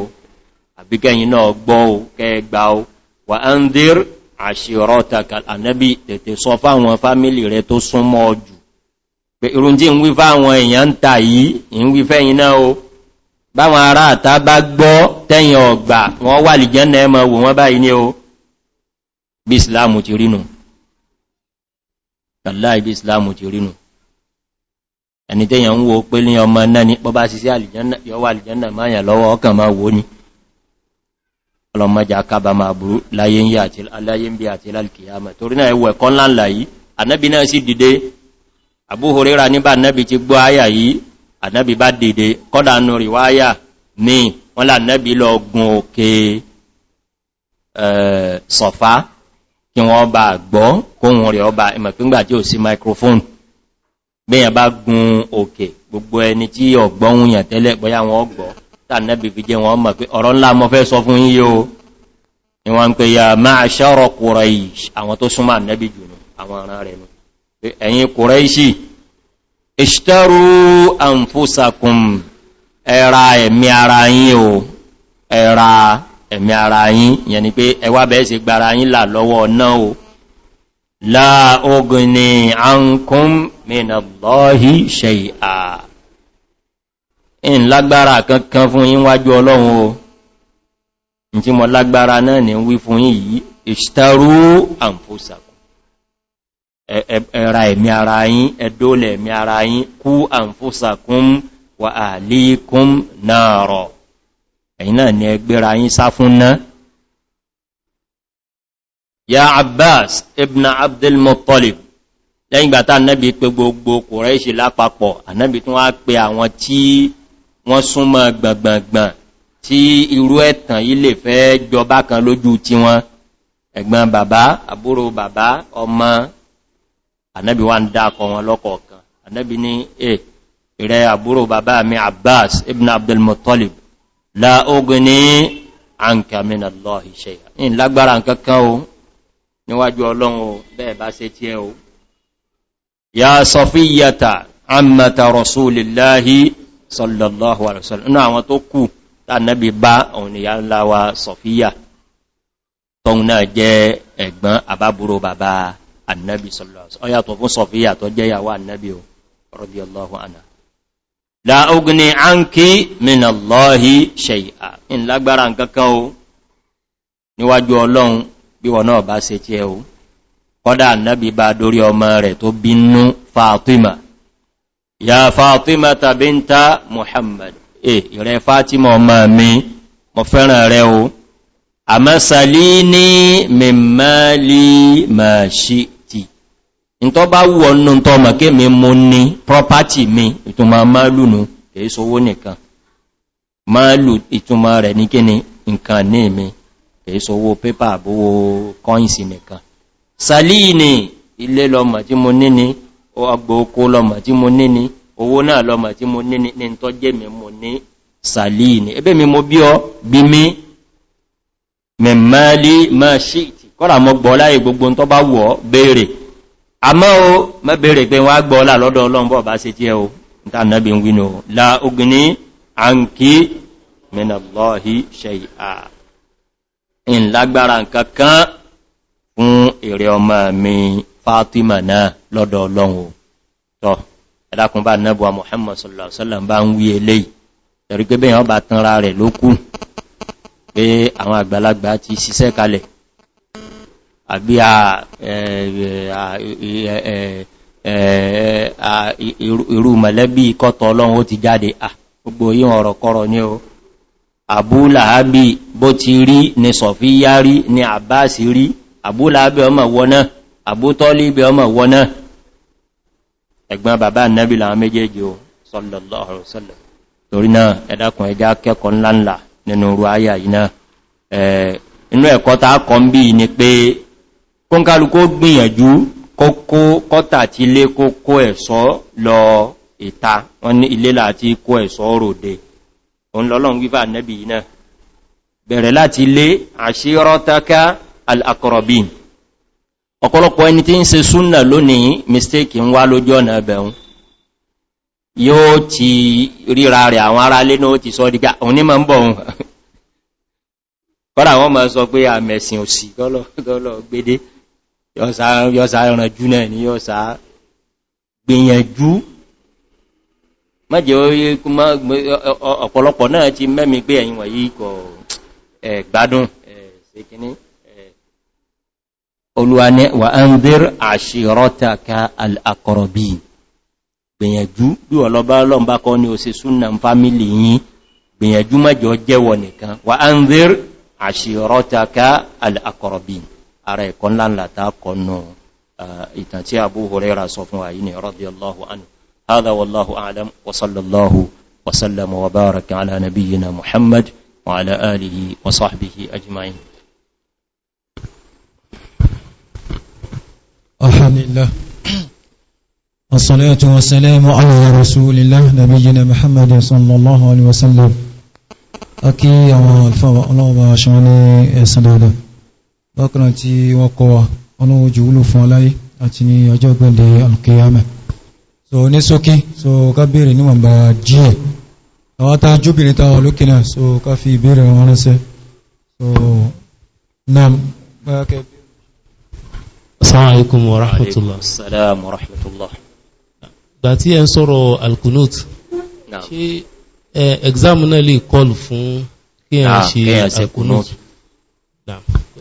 àbí kẹ́yìn náà gbọ́ o kẹgbà o wà á ń dír àṣírọ́tàkà ànábì tètè sọ fáwọn fámílì rẹ tó súnmọ́ jù pé irun jí ń wí fáwọn èèyàn ń tà yìí ń wí fẹ́yìn náà o báwọn ará àta bá gbọ́ tẹ́yìn ọgbà wọ́n wà ẹni tẹ́yàn ń wo pé ní ọmọ náà ní pọ́bá sí sí máa yà lọ́wọ́ ọkàn máa wò ní ọlọ́mọjá kábà máa burú láyé ń yà àti aláyé ń bí àti lálkìyàmà torí náà ẹwọ ẹ̀kọ́ ńlá ńlá yìí ànábì náà sì dìde Abu Hurairah níbà ànábì ti gbọ́ áyà yìí ànábì bá dìde kọ́dà nù rí wáyà ní wọ́n lá ànábì lọ gun òkè Sọ̀fà kí wọ́n bá gbọ́ kóhun rẹ̀ ọba ìmọ̀píngbà tí ò sí microphone bẹ́yàn bá gun òkè gbogbo ẹni tí ọ̀gbọ́n yàn tẹ́lẹ̀ bọ́yá wọn ọgbọ́n tànẹ́bì fi jẹ wọn mọ̀ pé ọ̀rọ̀ ńlá mọ́ fẹ́ sọ fún yíyí o ni wọ́n ń pè ya máa ṣọ́rọ̀ Quraish àwọn tó súnmọ́ ànẹ́bì jù nù àwọn ọ̀ràn rẹ̀ nù ẹ̀yin Quraishi ishtaru anfusakum ẹ in lagbara kankan fún yín wájú ọlọ́run o in mo lagbara na ni wí fún yín yìí e e ra ẹ̀mí ara e ẹ̀dólẹ̀ ẹ̀mí ara yín kú àǹfóṣàkún wà àlíkún náàrọ̀ ẹ̀yìn náà ni ẹgbẹ́ra yín sá fún ya abbas ibn abdul muttalib lẹ́yìn gbàtà annabi pé gbogbo kòrẹ́ ìṣe lápapọ̀ annabi tún wá pé àwọn tí wọ́n súnmọ́ gbàngbàngbàn tí irú ẹ̀tàn ilé fẹ́ jọba kan lójú tí wọ́n ẹ̀gbọ́n bàbá àbúrò bàbá ọmọ ànẹ́bí wá ń dákọ wọn lọ́kọ̀ọ̀kan ànẹ́bí ní ẹ̀ ìrẹ́ àbúrò bàbá mi abbas ibn abdulmuttalib la ní anka allah sallallahu alaihi wasallam nínú àwọn tó kù tánàbí bá òun ni ya ńlá wa sọ̀fíyà tóun náà jẹ́ ẹ̀gbọ́n àbábúrò bàbá annabi sallallahu alaihi wasallam ó yàtọ̀ fún sọ̀fíyà tó jẹ́ yàwó annabi o radiyallahu anha la ugni anki min allahi shay'a in lágbára nǹkankan o níwájú Ọlọ́run bí wọn náà bá ṣe tí ẹ o kódà annabi bá dórí ọmọ rẹ̀ tó bínú Fatima ya fatimata binta muhammad eh ìrẹ fatima ọmọ mi mo fẹ́ràn rẹ o àmásàlí ní mẹ́màálí ma ṣí ti in tó bá wù ọ̀nà tó mi mú ní property mi ìtumọ̀ máàlù nù kìí sówó nìkan máàlù ìtumọ̀ rẹ̀ ní kíni nǹkan ní mi kìí sówó pépà àbówó kọ́ìnsì nìkan sàlí ní ilé lọ mọ̀ tí mo ni, ni ó ọgbò oko lọmọ̀ tí mo ní ni owó náà lọmọ̀ tí mo ní ni tó jẹ́ mi mo ní sàlì ẹbẹ́ mi mo bí ọ bí mi mẹ̀mẹ́lì máa ṣí ìtì kọ́lá mọ́ gbọ́lá gbogbo tó bá wọ́ bèèrè àmọ́ o mẹ́ bèèrè pé wọ́n gbọ́lá lọ́dọ̀ la fún Fatima náà lọ́dọ̀ Ọlọ́run o tọ́ ẹ̀dàkùn bá nẹ́bùwa Muhammad sallallahu alaihi wasallam bá ń wí eléyìí torí pé bẹ́yàn bá tanra rẹ̀ ló kú pé àwọn àgbàlagbà ti ṣiṣẹ́ kalẹ̀ àbí irú mọ̀lẹ́bí kọ́tọ̀ Ọlọ́run ó ti jáde gbogbo yíò ọ̀rọ̀ kọ́rọ̀ ní o àbúlàábí bó ti rí ni Sọ̀fíyá rí ni Àbáàsì rí àbúlàábí ọmọ wọnáà àbútọ́lì ibi ọmọ wọná ẹ̀gbọ́n bàbá nẹ́bí làwọn méjèèjì o sọ́lọ̀lọ́rọ̀sọ́lọ̀ torí náà ẹ̀dàkùn ẹjá kẹ́kọ̀ọ́ ńláńlá nínú orú ayà yìí náà inú ẹ̀kọ́ ta kọ́ ń bí ni pé kónkálukó gbìyànjú kókó kọ́tà tí ilé kókó ẹ̀ṣọ́ lọ ìta wọ́n ní ilé láti kó ẹ̀ṣọ́ ròde òun bẹ̀rẹ̀ láti ilé àṣírọ́taka al-akọrọ̀bìn ọ̀pọ̀lọpọ̀ ẹni tí ń se súnnà lónìí mistake ń wá lójú ọ̀nà ẹbẹ̀un yóò ti ríra rẹ̀ àwọn ará lé náà ti sọ dígbà òun ní ma ń bọ̀ òun kọ́lá wọ́n ma sọ pé àmẹ̀sìn òsì gọ́lọ̀ gbédé yọ́sà ìrànjú náà ni yọ́sà gbìyànjú mẹ́jẹ̀ ọ̀pọ̀lọpọ̀ náà ti olúwa ní wà anzir àṣírọ́taka al'akọ̀rọ̀bí gbìyànjú bí ọlọ́bá lọ́mbá kọ́ ní òsì súnà fámílì yìí gbìyànjú mẹ́jọ jẹ́wọ̀ nìkan wà anzir àṣírọ́taka al'akọ̀rọ̀bí ara ẹ̀kọ́ ńláńlátà kọ́nù ìtàn tí àbú horera sọ fún àyí ni rọ́bí allahu anu hada wallahu الحمد لله الصلاة والسلام على رسول الله نبينا محمد صلى الله عليه وسلم أكي يا الفاء الله وشعني سدادة بكرة وقوة أنا جول فلاي أتني أجاب القيامة so ní sókí so ká bèèrè ní wọ̀nbà díẹ̀ àwọn tá jóbìnrin tá olókè náà so ká fi ìbéèrè wọn ránṣẹ́ so náà báyá kẹ́ bí Assalamu alaikum wa rahmatullah. Assalamu wa rahmatullah. Gbà tí ẹ ń sọ̀rọ̀ Alkunut, ṣe exam náà lè kọlù fún kí ẹ ṣe Alkunut?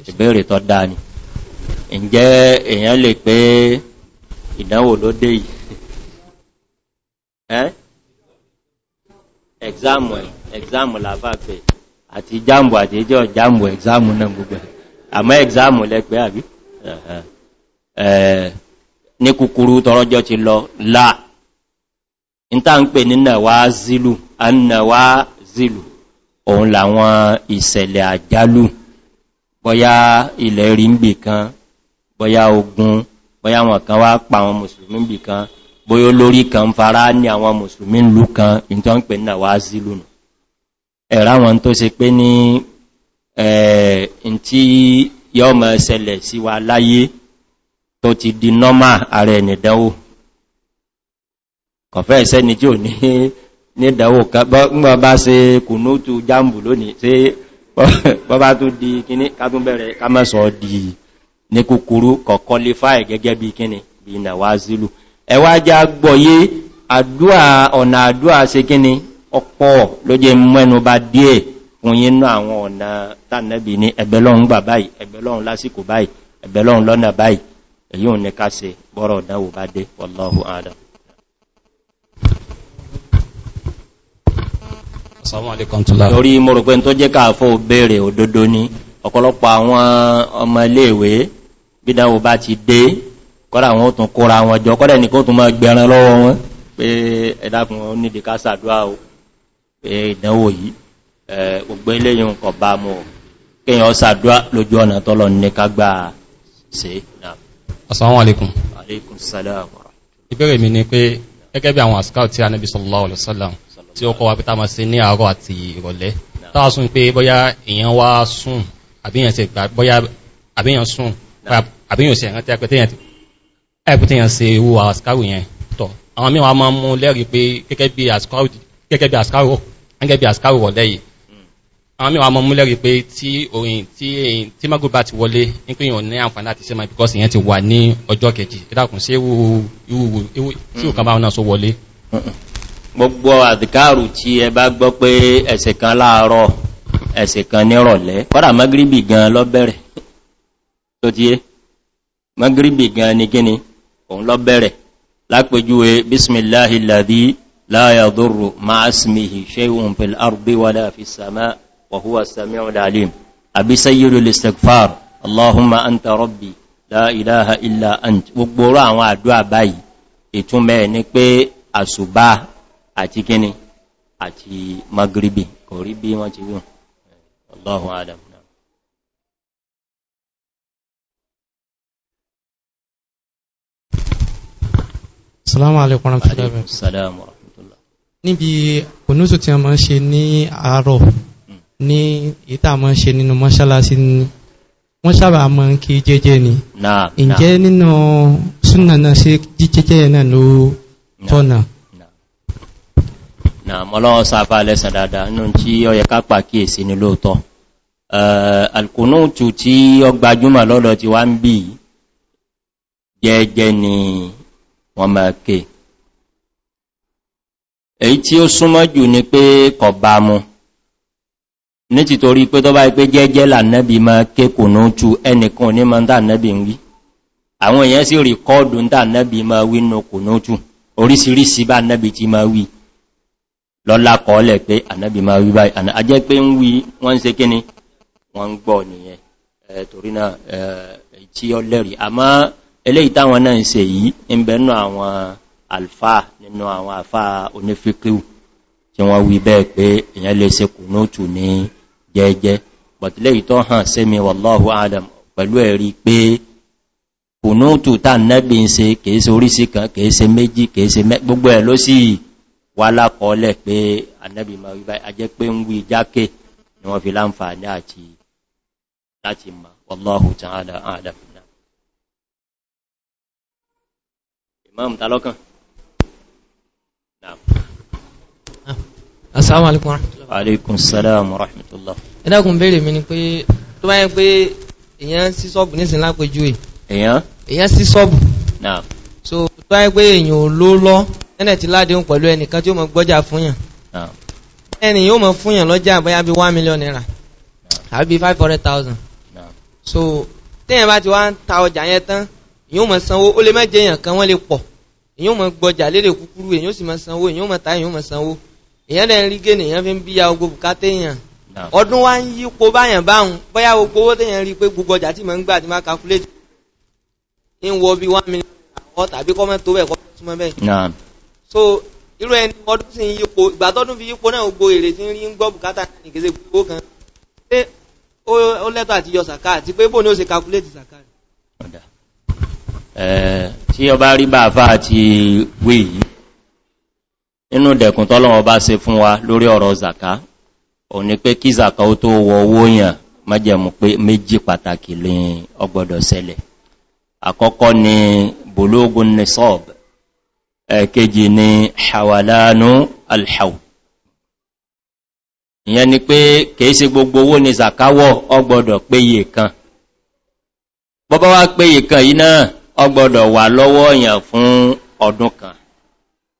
Ìbéèrè tó dáa ni. Ǹjẹ́ èèyàn lè pé ìdánwò ló dé yìí? Ẹ́? Exam ẹ̀, exam làbá pé àti jambu àti ìjọ jambu exam náà gbogbo àmọ́ exam lẹ́pẹ́ àbí? Uh -huh. Eh, ní kúkúrú tọrọjọ́ ti lọ láà ìta ń pè ní nàwà zílù annàwà zílù òun làwọn ìṣẹ̀lẹ̀ àjálù bọ́yá ilẹ̀ rí ń bì kan bọ́yá ogun bọ́yá wọn kan wá pa àwọn mùsùlùmí bì kan bóyá olórí kan fara ní àwọn mùsùlùmí lú kan ìta ń pè ní nàwà zílù ẹ̀rá wọn tó se pé ní ẹ̀ẹ̀ eh, tí yọ́ mọ̀ ṣẹlẹ̀ tó ti di nọ́mà ààrẹ nìdánwò kọ̀fẹ́ ìsẹ́ni tí ò ní nìdánwò gbọ́ bá se kùnútù jambu lónìí tí bọ́bá tó di kíní kátún bẹ̀rẹ̀ kámẹ́sọ̀ di ní kúkúrú kọ̀kọ́lifáì gẹ́gẹ́ bí kíní bí nàwázílù ẹwà já gbọ́yé àdúà ọ̀nà àdúà se kíní ọpọ̀ ló jẹ mẹ́nu bá díẹ̀ fún yínú àwọn ọ̀nà lásìkò báyìí ẹgbẹ̀lọ́run lọ́nà báyìí èyí ò ní ká se bọ́rọ̀ ọ̀dánwò bá dé wallahu a'lam lórí mọ̀rùpẹ́ tó jẹ́ káàfọ́ bèèrè òdodo ni ọ̀pọ̀lọpọ̀ àwọn ọmọ iléèwé bídáwò bá ti dé kọ́dà wọn ó tún kóra wọn jọ kọ́dà ní kó tún máa gbẹran lọ́wọ́ wọn pé ẹ̀dàkùn wọn nídi ká sàdúrà o pé ìdánwò yìí ògbé iléyìn kọ̀ bá mọ̀ kéèyàn sàdúrà lójú ọ̀nà tọ́lọ ní ká gbà ṣe náà assalamu alaikum alaikum salam ìbéèrè mi ni pé gẹ́gẹ́ bí àwọn àsìkáà tí anábi sallallahu alaihi wasallam tí ó kọ́ wa pítà máa ṣe ní àárọ̀ àti ìrọ̀lẹ́ táwà sún pé bóyá èèyàn wá sùn àbíyàn àwọn mẹ́wàá mọ́ múlẹ̀ rí pé tí orin tí èyí tí mọ́gbò bá ti wọlé ní pé yàn ní àǹfààní láti sẹ́mà because ìyẹn ti wà ní ọjọ́ kejì ìdákùn sí ewu tí ò kan bá náà so wọlé gbogbo àdìkáàrù tí ẹ bá gbọ́ pé ẹ̀sẹ̀ kan láàárọ̀ ẹ̀sẹ̀ kan nírọ̀lẹ́ kọ́dà magribi gan lọ́bẹ̀rẹ̀ tó tíye magribi gan ní kíni òun lọ́bẹ̀rẹ̀ lápẹjúwe bismillahilladhi láyàdúrù máa smihi ṣe وهو السميع العليم أبي سيد الاستغفار اللهم أنت ربي لا إله إلا أنت gbogbo àwọn àdúà báyìí ìtumọ̀ ní pé àsùbá àti kíni àti magribi kò rí bí wọ́n ti wùn Allahu adam Salamu alaikum warahmatullahi wabarakatuh. Níbi onúsù tí a máa ń ṣe ní àárọ̀ ní ìta mọ́ ṣe nínú mọ́ṣálásí ní wọ́n sábà mọ́ kí jẹ́jẹ́ ni ǹjẹ́ nínú súnà náà sí jíjẹ́jẹ́ náà ló tọ́nà náà mọ́lọ́wọ́ sáfà lẹ́sàn dáadáa nínú tí ó yẹ kápà kíyèsí ni lóòtọ́ alkunútù tí ó gbajúmọ̀ lọ́dọ̀ ti wá ń bí jẹ́jẹ́ ni wọ́n èyí tí ó súnmọ́ jù ni pé kọ̀bámu ní ti torí pé tó bá ipé jẹ́jẹ́ lànẹ́bì ma kékò ní ojú ẹnìkan ní ma ń dánẹ́bì ń wí àwọn èèyàn sí rí kọ́ọ̀dù ń dánẹ́bì ma wí ní okò ní ojú orísìírísìí bá nẹ́bì ti ma wí lọ́lá kọ́ọ̀lẹ̀ pé ànẹ́bì ma wí báyìí àjẹ́ pé ń wí wọ́n ń se kíni wọ́n ń gbọ́ nìyẹn torí náà tí ó ní jẹ́ẹ̀jẹ́ but léyìí tó hàn sí mi wallahu alam pẹ̀lú ẹ̀rí pé kùnútù tà nẹ́bí ń ṣe kèése orísí kan kèése méjì kèése gbogbo ẹ̀ ló sì wà lákọọ́lẹ̀ pé anẹ́bí ma wíbá ajẹ́ pé ń wí jákè ni wọ́n fi láǹfààní àti láti ma wallahu ta'ala a'lam imam talokan na'am assalamu alaikum warahmatullahi alaikum salam warahmatullah ẹ̀dàkùn bèèrè mi ni pé tó bá yẹ pé èyàn sí sọ́bù nísìn lápẹjú ẹ̀ èyàn èyàn sí sọ́bù náà so tó bá yẹ pé èyàn ò ló lọ ẹnẹ̀ ti ládéhùn pẹ̀lú ẹnìkan tí ó mọ gbọ́jà fúnyàn ẹni yóò mọ fúnyàn lọ́jà bóyá bí 1 million naira àbí 500,000 so téèyàn bá ti wá ń ta ọjà yẹn tán èyàn ò mọ sanwó ó lè má jẹ́ èyàn kan wọ́n lè pọ̀ èyàn ò mọ gbọ́jà lérè kúkúrú èyàn ò sì mọ sanwó èyàn ò mọ ta èyàn ò mọ sanwó èyàn lẹ́ rí gẹ́nì èyàn fi ń bí ya ogbò bùkátà èyàn ọdún wá ń yípo báyàn báhùn bóyá gbogbo owó tèyàn rí pé gbogbo ọjà tí ma ń gbà tí ma calculate in wọ bí 1 million àwọ́ tàbí kọ́mọ́ tó bẹ̀ kọ́mọ́ so irú ẹni ọdún sì ń yípo ìgbà tọ́dún fi yípo náà gbogbo èrè tí ń rí ń gbọ́ bùkátà ní kèsè gbogbo kan pé ó lẹ́tọ̀ ọba rí bàfá àti wéyìí inú dẹ̀kùn tọ́lọ́wọ́ bá se fún wa lórí ọ̀rọ̀ zaka o ní pé kí zaka ó tó wọ owó yàn májẹ̀mú pé méjì pàtàkì lè ọgbọ̀dọ̀ sẹlẹ̀ àkọ́kọ́ ni bologun nisab ẹ̀kejì ni hawalanu alhaw ìyẹn ni pé kìí gbogbo owó ni zakawọ́ ọgbọ̀dọ̀ péye kan bọ́bá wá péye kan yìí náà ọgbọ̀dọ̀ wà lọ́wọ́ yàn fún ọdún kan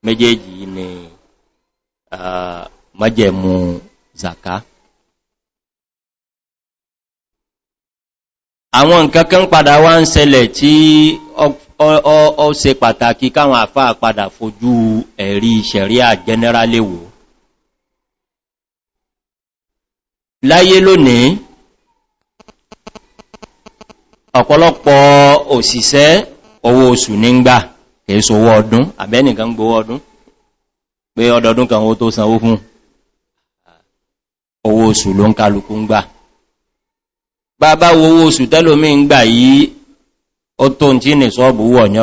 méjèèjì ni májẹ̀mú zaka àwọn nǹkan kan padà wá ń ṣẹlẹ̀ tí ó ṣe pàtàkì káwọn àfá padà fojú ẹ̀rí ṣẹ̀ríà generally wò láyé lónìí ọ̀pọ̀lọpọ̀ òṣìṣẹ́ owó oṣù nígbà kèèso owó ọdún àbẹ́nìkan gbówó ọdún pé ọdọọdún kan owó tó sanwó fún owó oṣù ló ń kálukú ń gbà bàbá bá owó oṣù tẹ́lómí ń gbà yìí ó tó ń tí ní sọ́ọ̀bù wọ̀ ní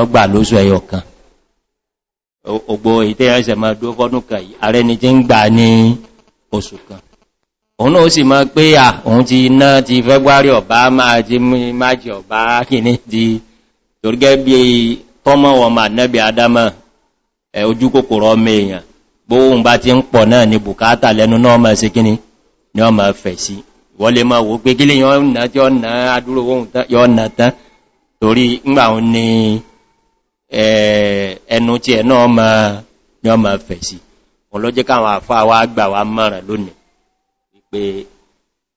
ẹyọ kan ògbò ìtẹ́ kọmọ wọn ma nẹ́bí adama ẹ̀ ojú kòkòrò ọmọ èèyàn bóhun bá ti ń pọ̀ náà ni bùkátà lẹ́nu náà ma ṣe kíní ni ọmọ fẹ̀ sí wọ́n lè máa wò pé gílé yọ́nà tí ọ̀nà adúrò yọ́nà tán torí ngbà òun ni ẹnu tí ẹ̀ náà ni ọmọ fẹ̀ sí wọn lọ jẹ́ káwọn àfá wa gbà wa mọ́ràn lónìí pé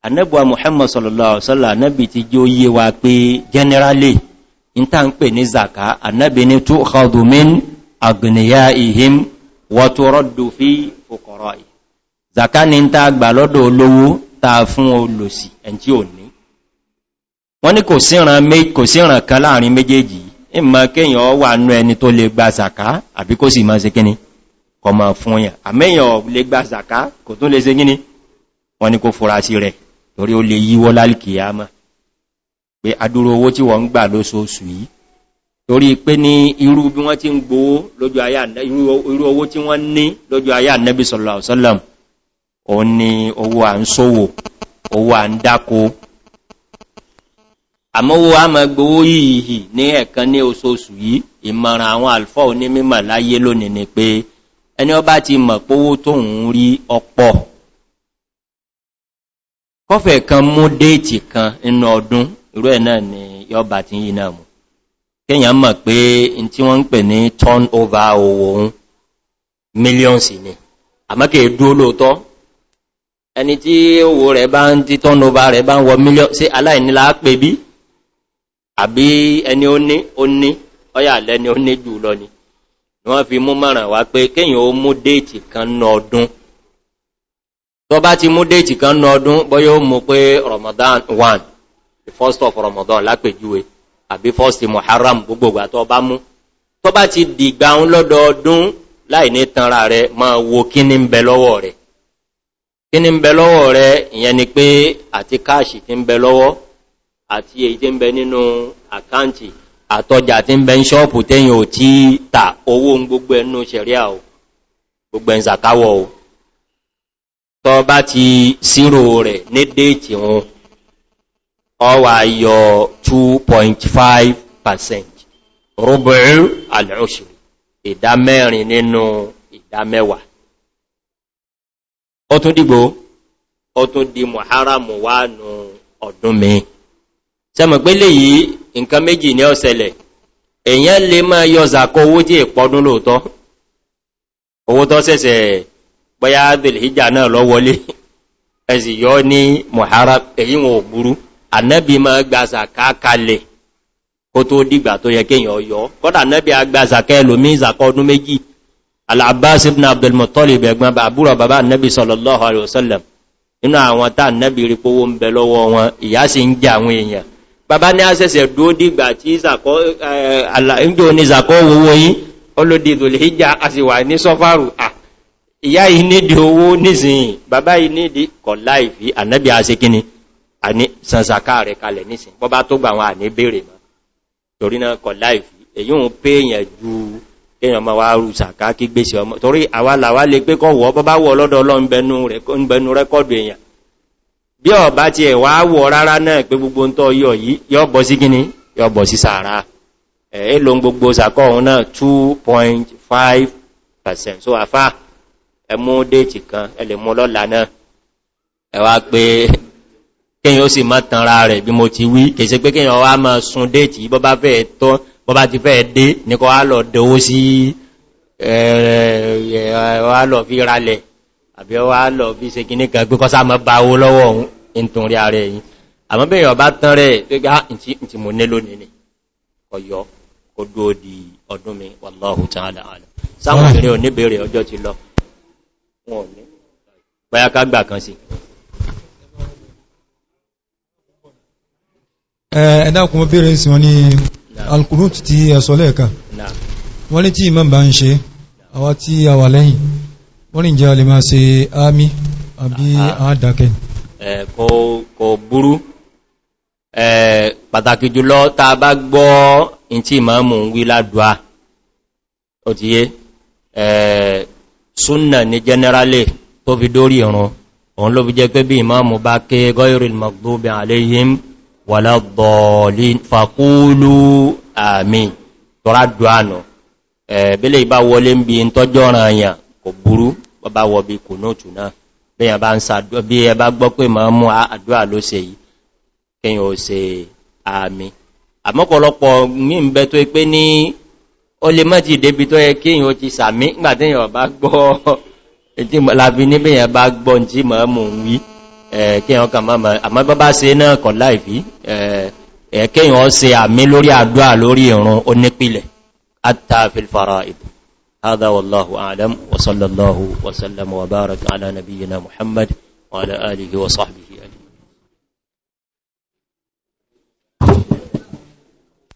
anẹ́bùwa muhammad sallallahu alaihi wasallam anẹ́bì ti jẹ́ ó yé pé generally ìta ń pè ní zaka annabi ni tó ọkọ̀dù min agniya ihim wọ́tọ̀ rọ́dù fi òkọ̀rọ̀ ì zaka ni ta gbà lọ́dọ̀ olówó ta fún olòsì ẹ̀ntí ò ní wọ́n ni kò síran kan láàrin méjèèjì ìmọ̀ kéèyàn wà nú ẹni tó lè gba zaka àbí kó sì máa se kíní kọ pé adúrò owó tí wọ́n ń gbà lóṣooṣù yìí torí pé ní irú bí wọ́n ti ń gbówó lójú ayá irú owó tí wọ́n ní lójú ayá nẹ́bí sọ̀lọ̀sọ́lọ̀m o ní owó à ń sówò owó à ń dákó àmọ́wó a mọ́ gbówó yìí ní ẹ̀kan ní oṣooṣù yìí ìmọ̀ràn àwọn alfọ́ oní mímọ̀ láyé lónìí ni pé ẹni ọba ti mọ̀ pówó tóhun rí ọpọ̀ kọfẹ̀ kan mú déètì kan inú ọdún irú ẹ̀ náà ni yọba ti yí náà mú kíyàn mọ̀ pé in tí wọ́n ń pè ní turn over owó ohun millions ni àmọ́kẹ̀ dúó lóòtọ́ ẹni tí owó rẹ̀ bá ń tí turn over rẹ̀ bá ń wọ millions sí aláìnílá pè bí àbí ẹni ó ní ó ní ọyà lẹ́ni ó ní jù lọ ni wọ́n fi mú mọ̀ràn wá pé kíyàn ó mú déètì kan ní ọdún tó bá ti mú déètì kan ní ọdún bọ́yọ́ mú pé Ramadan 1 first of Ramadan lápèjúwe àbí first Muharram gbogbogbà tó bá mú tó bá ti dìgbà ń lọ́dọọdún láì ní tanra rẹ̀ máa wo kí ní ń bẹ lọ́wọ́ rẹ̀ kí ní ń bẹ lọ́wọ́ rẹ̀ ìyẹn ni pé àti káàṣì tí ń bẹ lọ́wọ́ àti èyí tí ń bẹ nínú àkáǹtì àtọjà tí ń bẹ ń ṣọ́ọ̀pù tẹ́yìn ò tí ta owó gbogbo ẹnu ṣẹ̀ríà ò gbogbo ẹ̀ǹsàkáwọ̀ ò tó bá ti sírò rẹ̀ ní déètì wọn ọwà yọ 2.5% rúbùrú al'ushri ìdá mẹ́rin nínú ìdá mẹ́wàá ó tún dìgbò o tún di muharamu wà nù ọdún mi sẹ́mọ̀ pé lè yí nǹkan méjì sele ọ̀sẹ̀lẹ̀ le. ma máa yọ zàkọ owó tí ìpọdún lóòtọ́ owó tó sẹ̀sẹ̀ bọ́yá dìlìhíjà náà lọ wọlé ẹ̀sì yọ ní muharam èyí ànábì ma gbàzàká kalẹ̀ kó tó dìgbà tó yẹ kéèyàn ọyọ́ kọ́dà ànábì agbàzàká ẹlòmí ìzàkọ́ ọdún méjì al ibn abdul muttalib ẹ̀gbọ́n àbúrò bàbá ànábì sallallahu alaihi wasallam inú àwọn tá ànábì rí pówó ń bẹ lọ́wọ́ wọn ìyá sì ń jẹ àwọn èèyàn bàbá ní àṣẹ̀ṣẹ̀ dúó dìgbà tí ìzàkọ́ owó yí olódi ìdòlèíjà a sì wà ní sọ́fàrù àní sànsàká rẹ̀ kalẹ̀ nísìn bọ́ bá tó gbà wọn àní bèèrè mọ́ torí náà kọ̀ láìfì èyí ń pé èyàn ju èyàn ma wá rú sàká kí gbèsè ọmọ torí àwálàwá lè pé kọ́ wọ́ bọ́ bá wọ́ lọ́dọ̀ ọlọ́nbẹnu rẹ́kọ́dù èyàn bí ọ bá ti ẹ̀wà wọ rárá náà pé gbogbo ń tọ́ yọ yìí yọ bọ̀ sí gíní so àfá ẹmú déètì kan ẹlẹ̀mú lọ́la náà ẹwà pé kíyàn ó sì má tanra rẹ̀ bí mo ti wí kèsè pé kíyàn wá máa sun déètì bọ́ bá fẹ́ tọ́ bọ́ bá ti fẹ́ dé ní kọ́ wá lọ dẹ̀wó sí wá lọ fi ralẹ̀ àbí wá lọ fi ṣe kì níkan gbé kọ́sá ni ọ̀yọ́ kó dúó di ọdún mi Eh, ẹ̀dá ọkùnmọ́ bèèrè sí wọn ní alkunut ti ẹ̀sọ lẹ́ẹ̀ka wọ́n ní tí imam bá ń ṣe àwa tí a wà lẹ́yìn wọ́n ní jẹ́ a lè máa ṣe ámì àbí àádákẹ́ eh, kò burú eh, pàtàkì jùlọ ta bá gbọ́ in tí imamu ń wí ládùá ó ti yé súnnà ní jẹ́nẹ́rálẹ̀ tó fi dórí ìrun òun ló fi jẹ́ pé bí imamu bá ké gọ́ìrìl wàlá bọ̀ọ̀lì fàkúlù àmì tọ́rá dùánù ẹ̀bílẹ̀ ìbá wọlé ń bí i tọ́jọ́ ràn àyà kò burú bàbá wọ bí kò náà tùná bí i bá ń sàdọ́ bí i bá gbọ́ pé ma mú àdúrà ló se yìí kíyàn ò se àmì àmọ́pọ̀lọpọ̀ ní ìbẹ́ tó kí ẹ̀yàn kà máa àmọ́ bọ́bá se náà kọ̀ láìfí ẹ̀kẹ́yàn se àmì lórí àdúà lórí ìrun onípìlẹ̀ àtàfilfara ìbù هذا والله أعلم وصلى الله وسلم وبارك على نبينا محمد وعلى آله وصحبه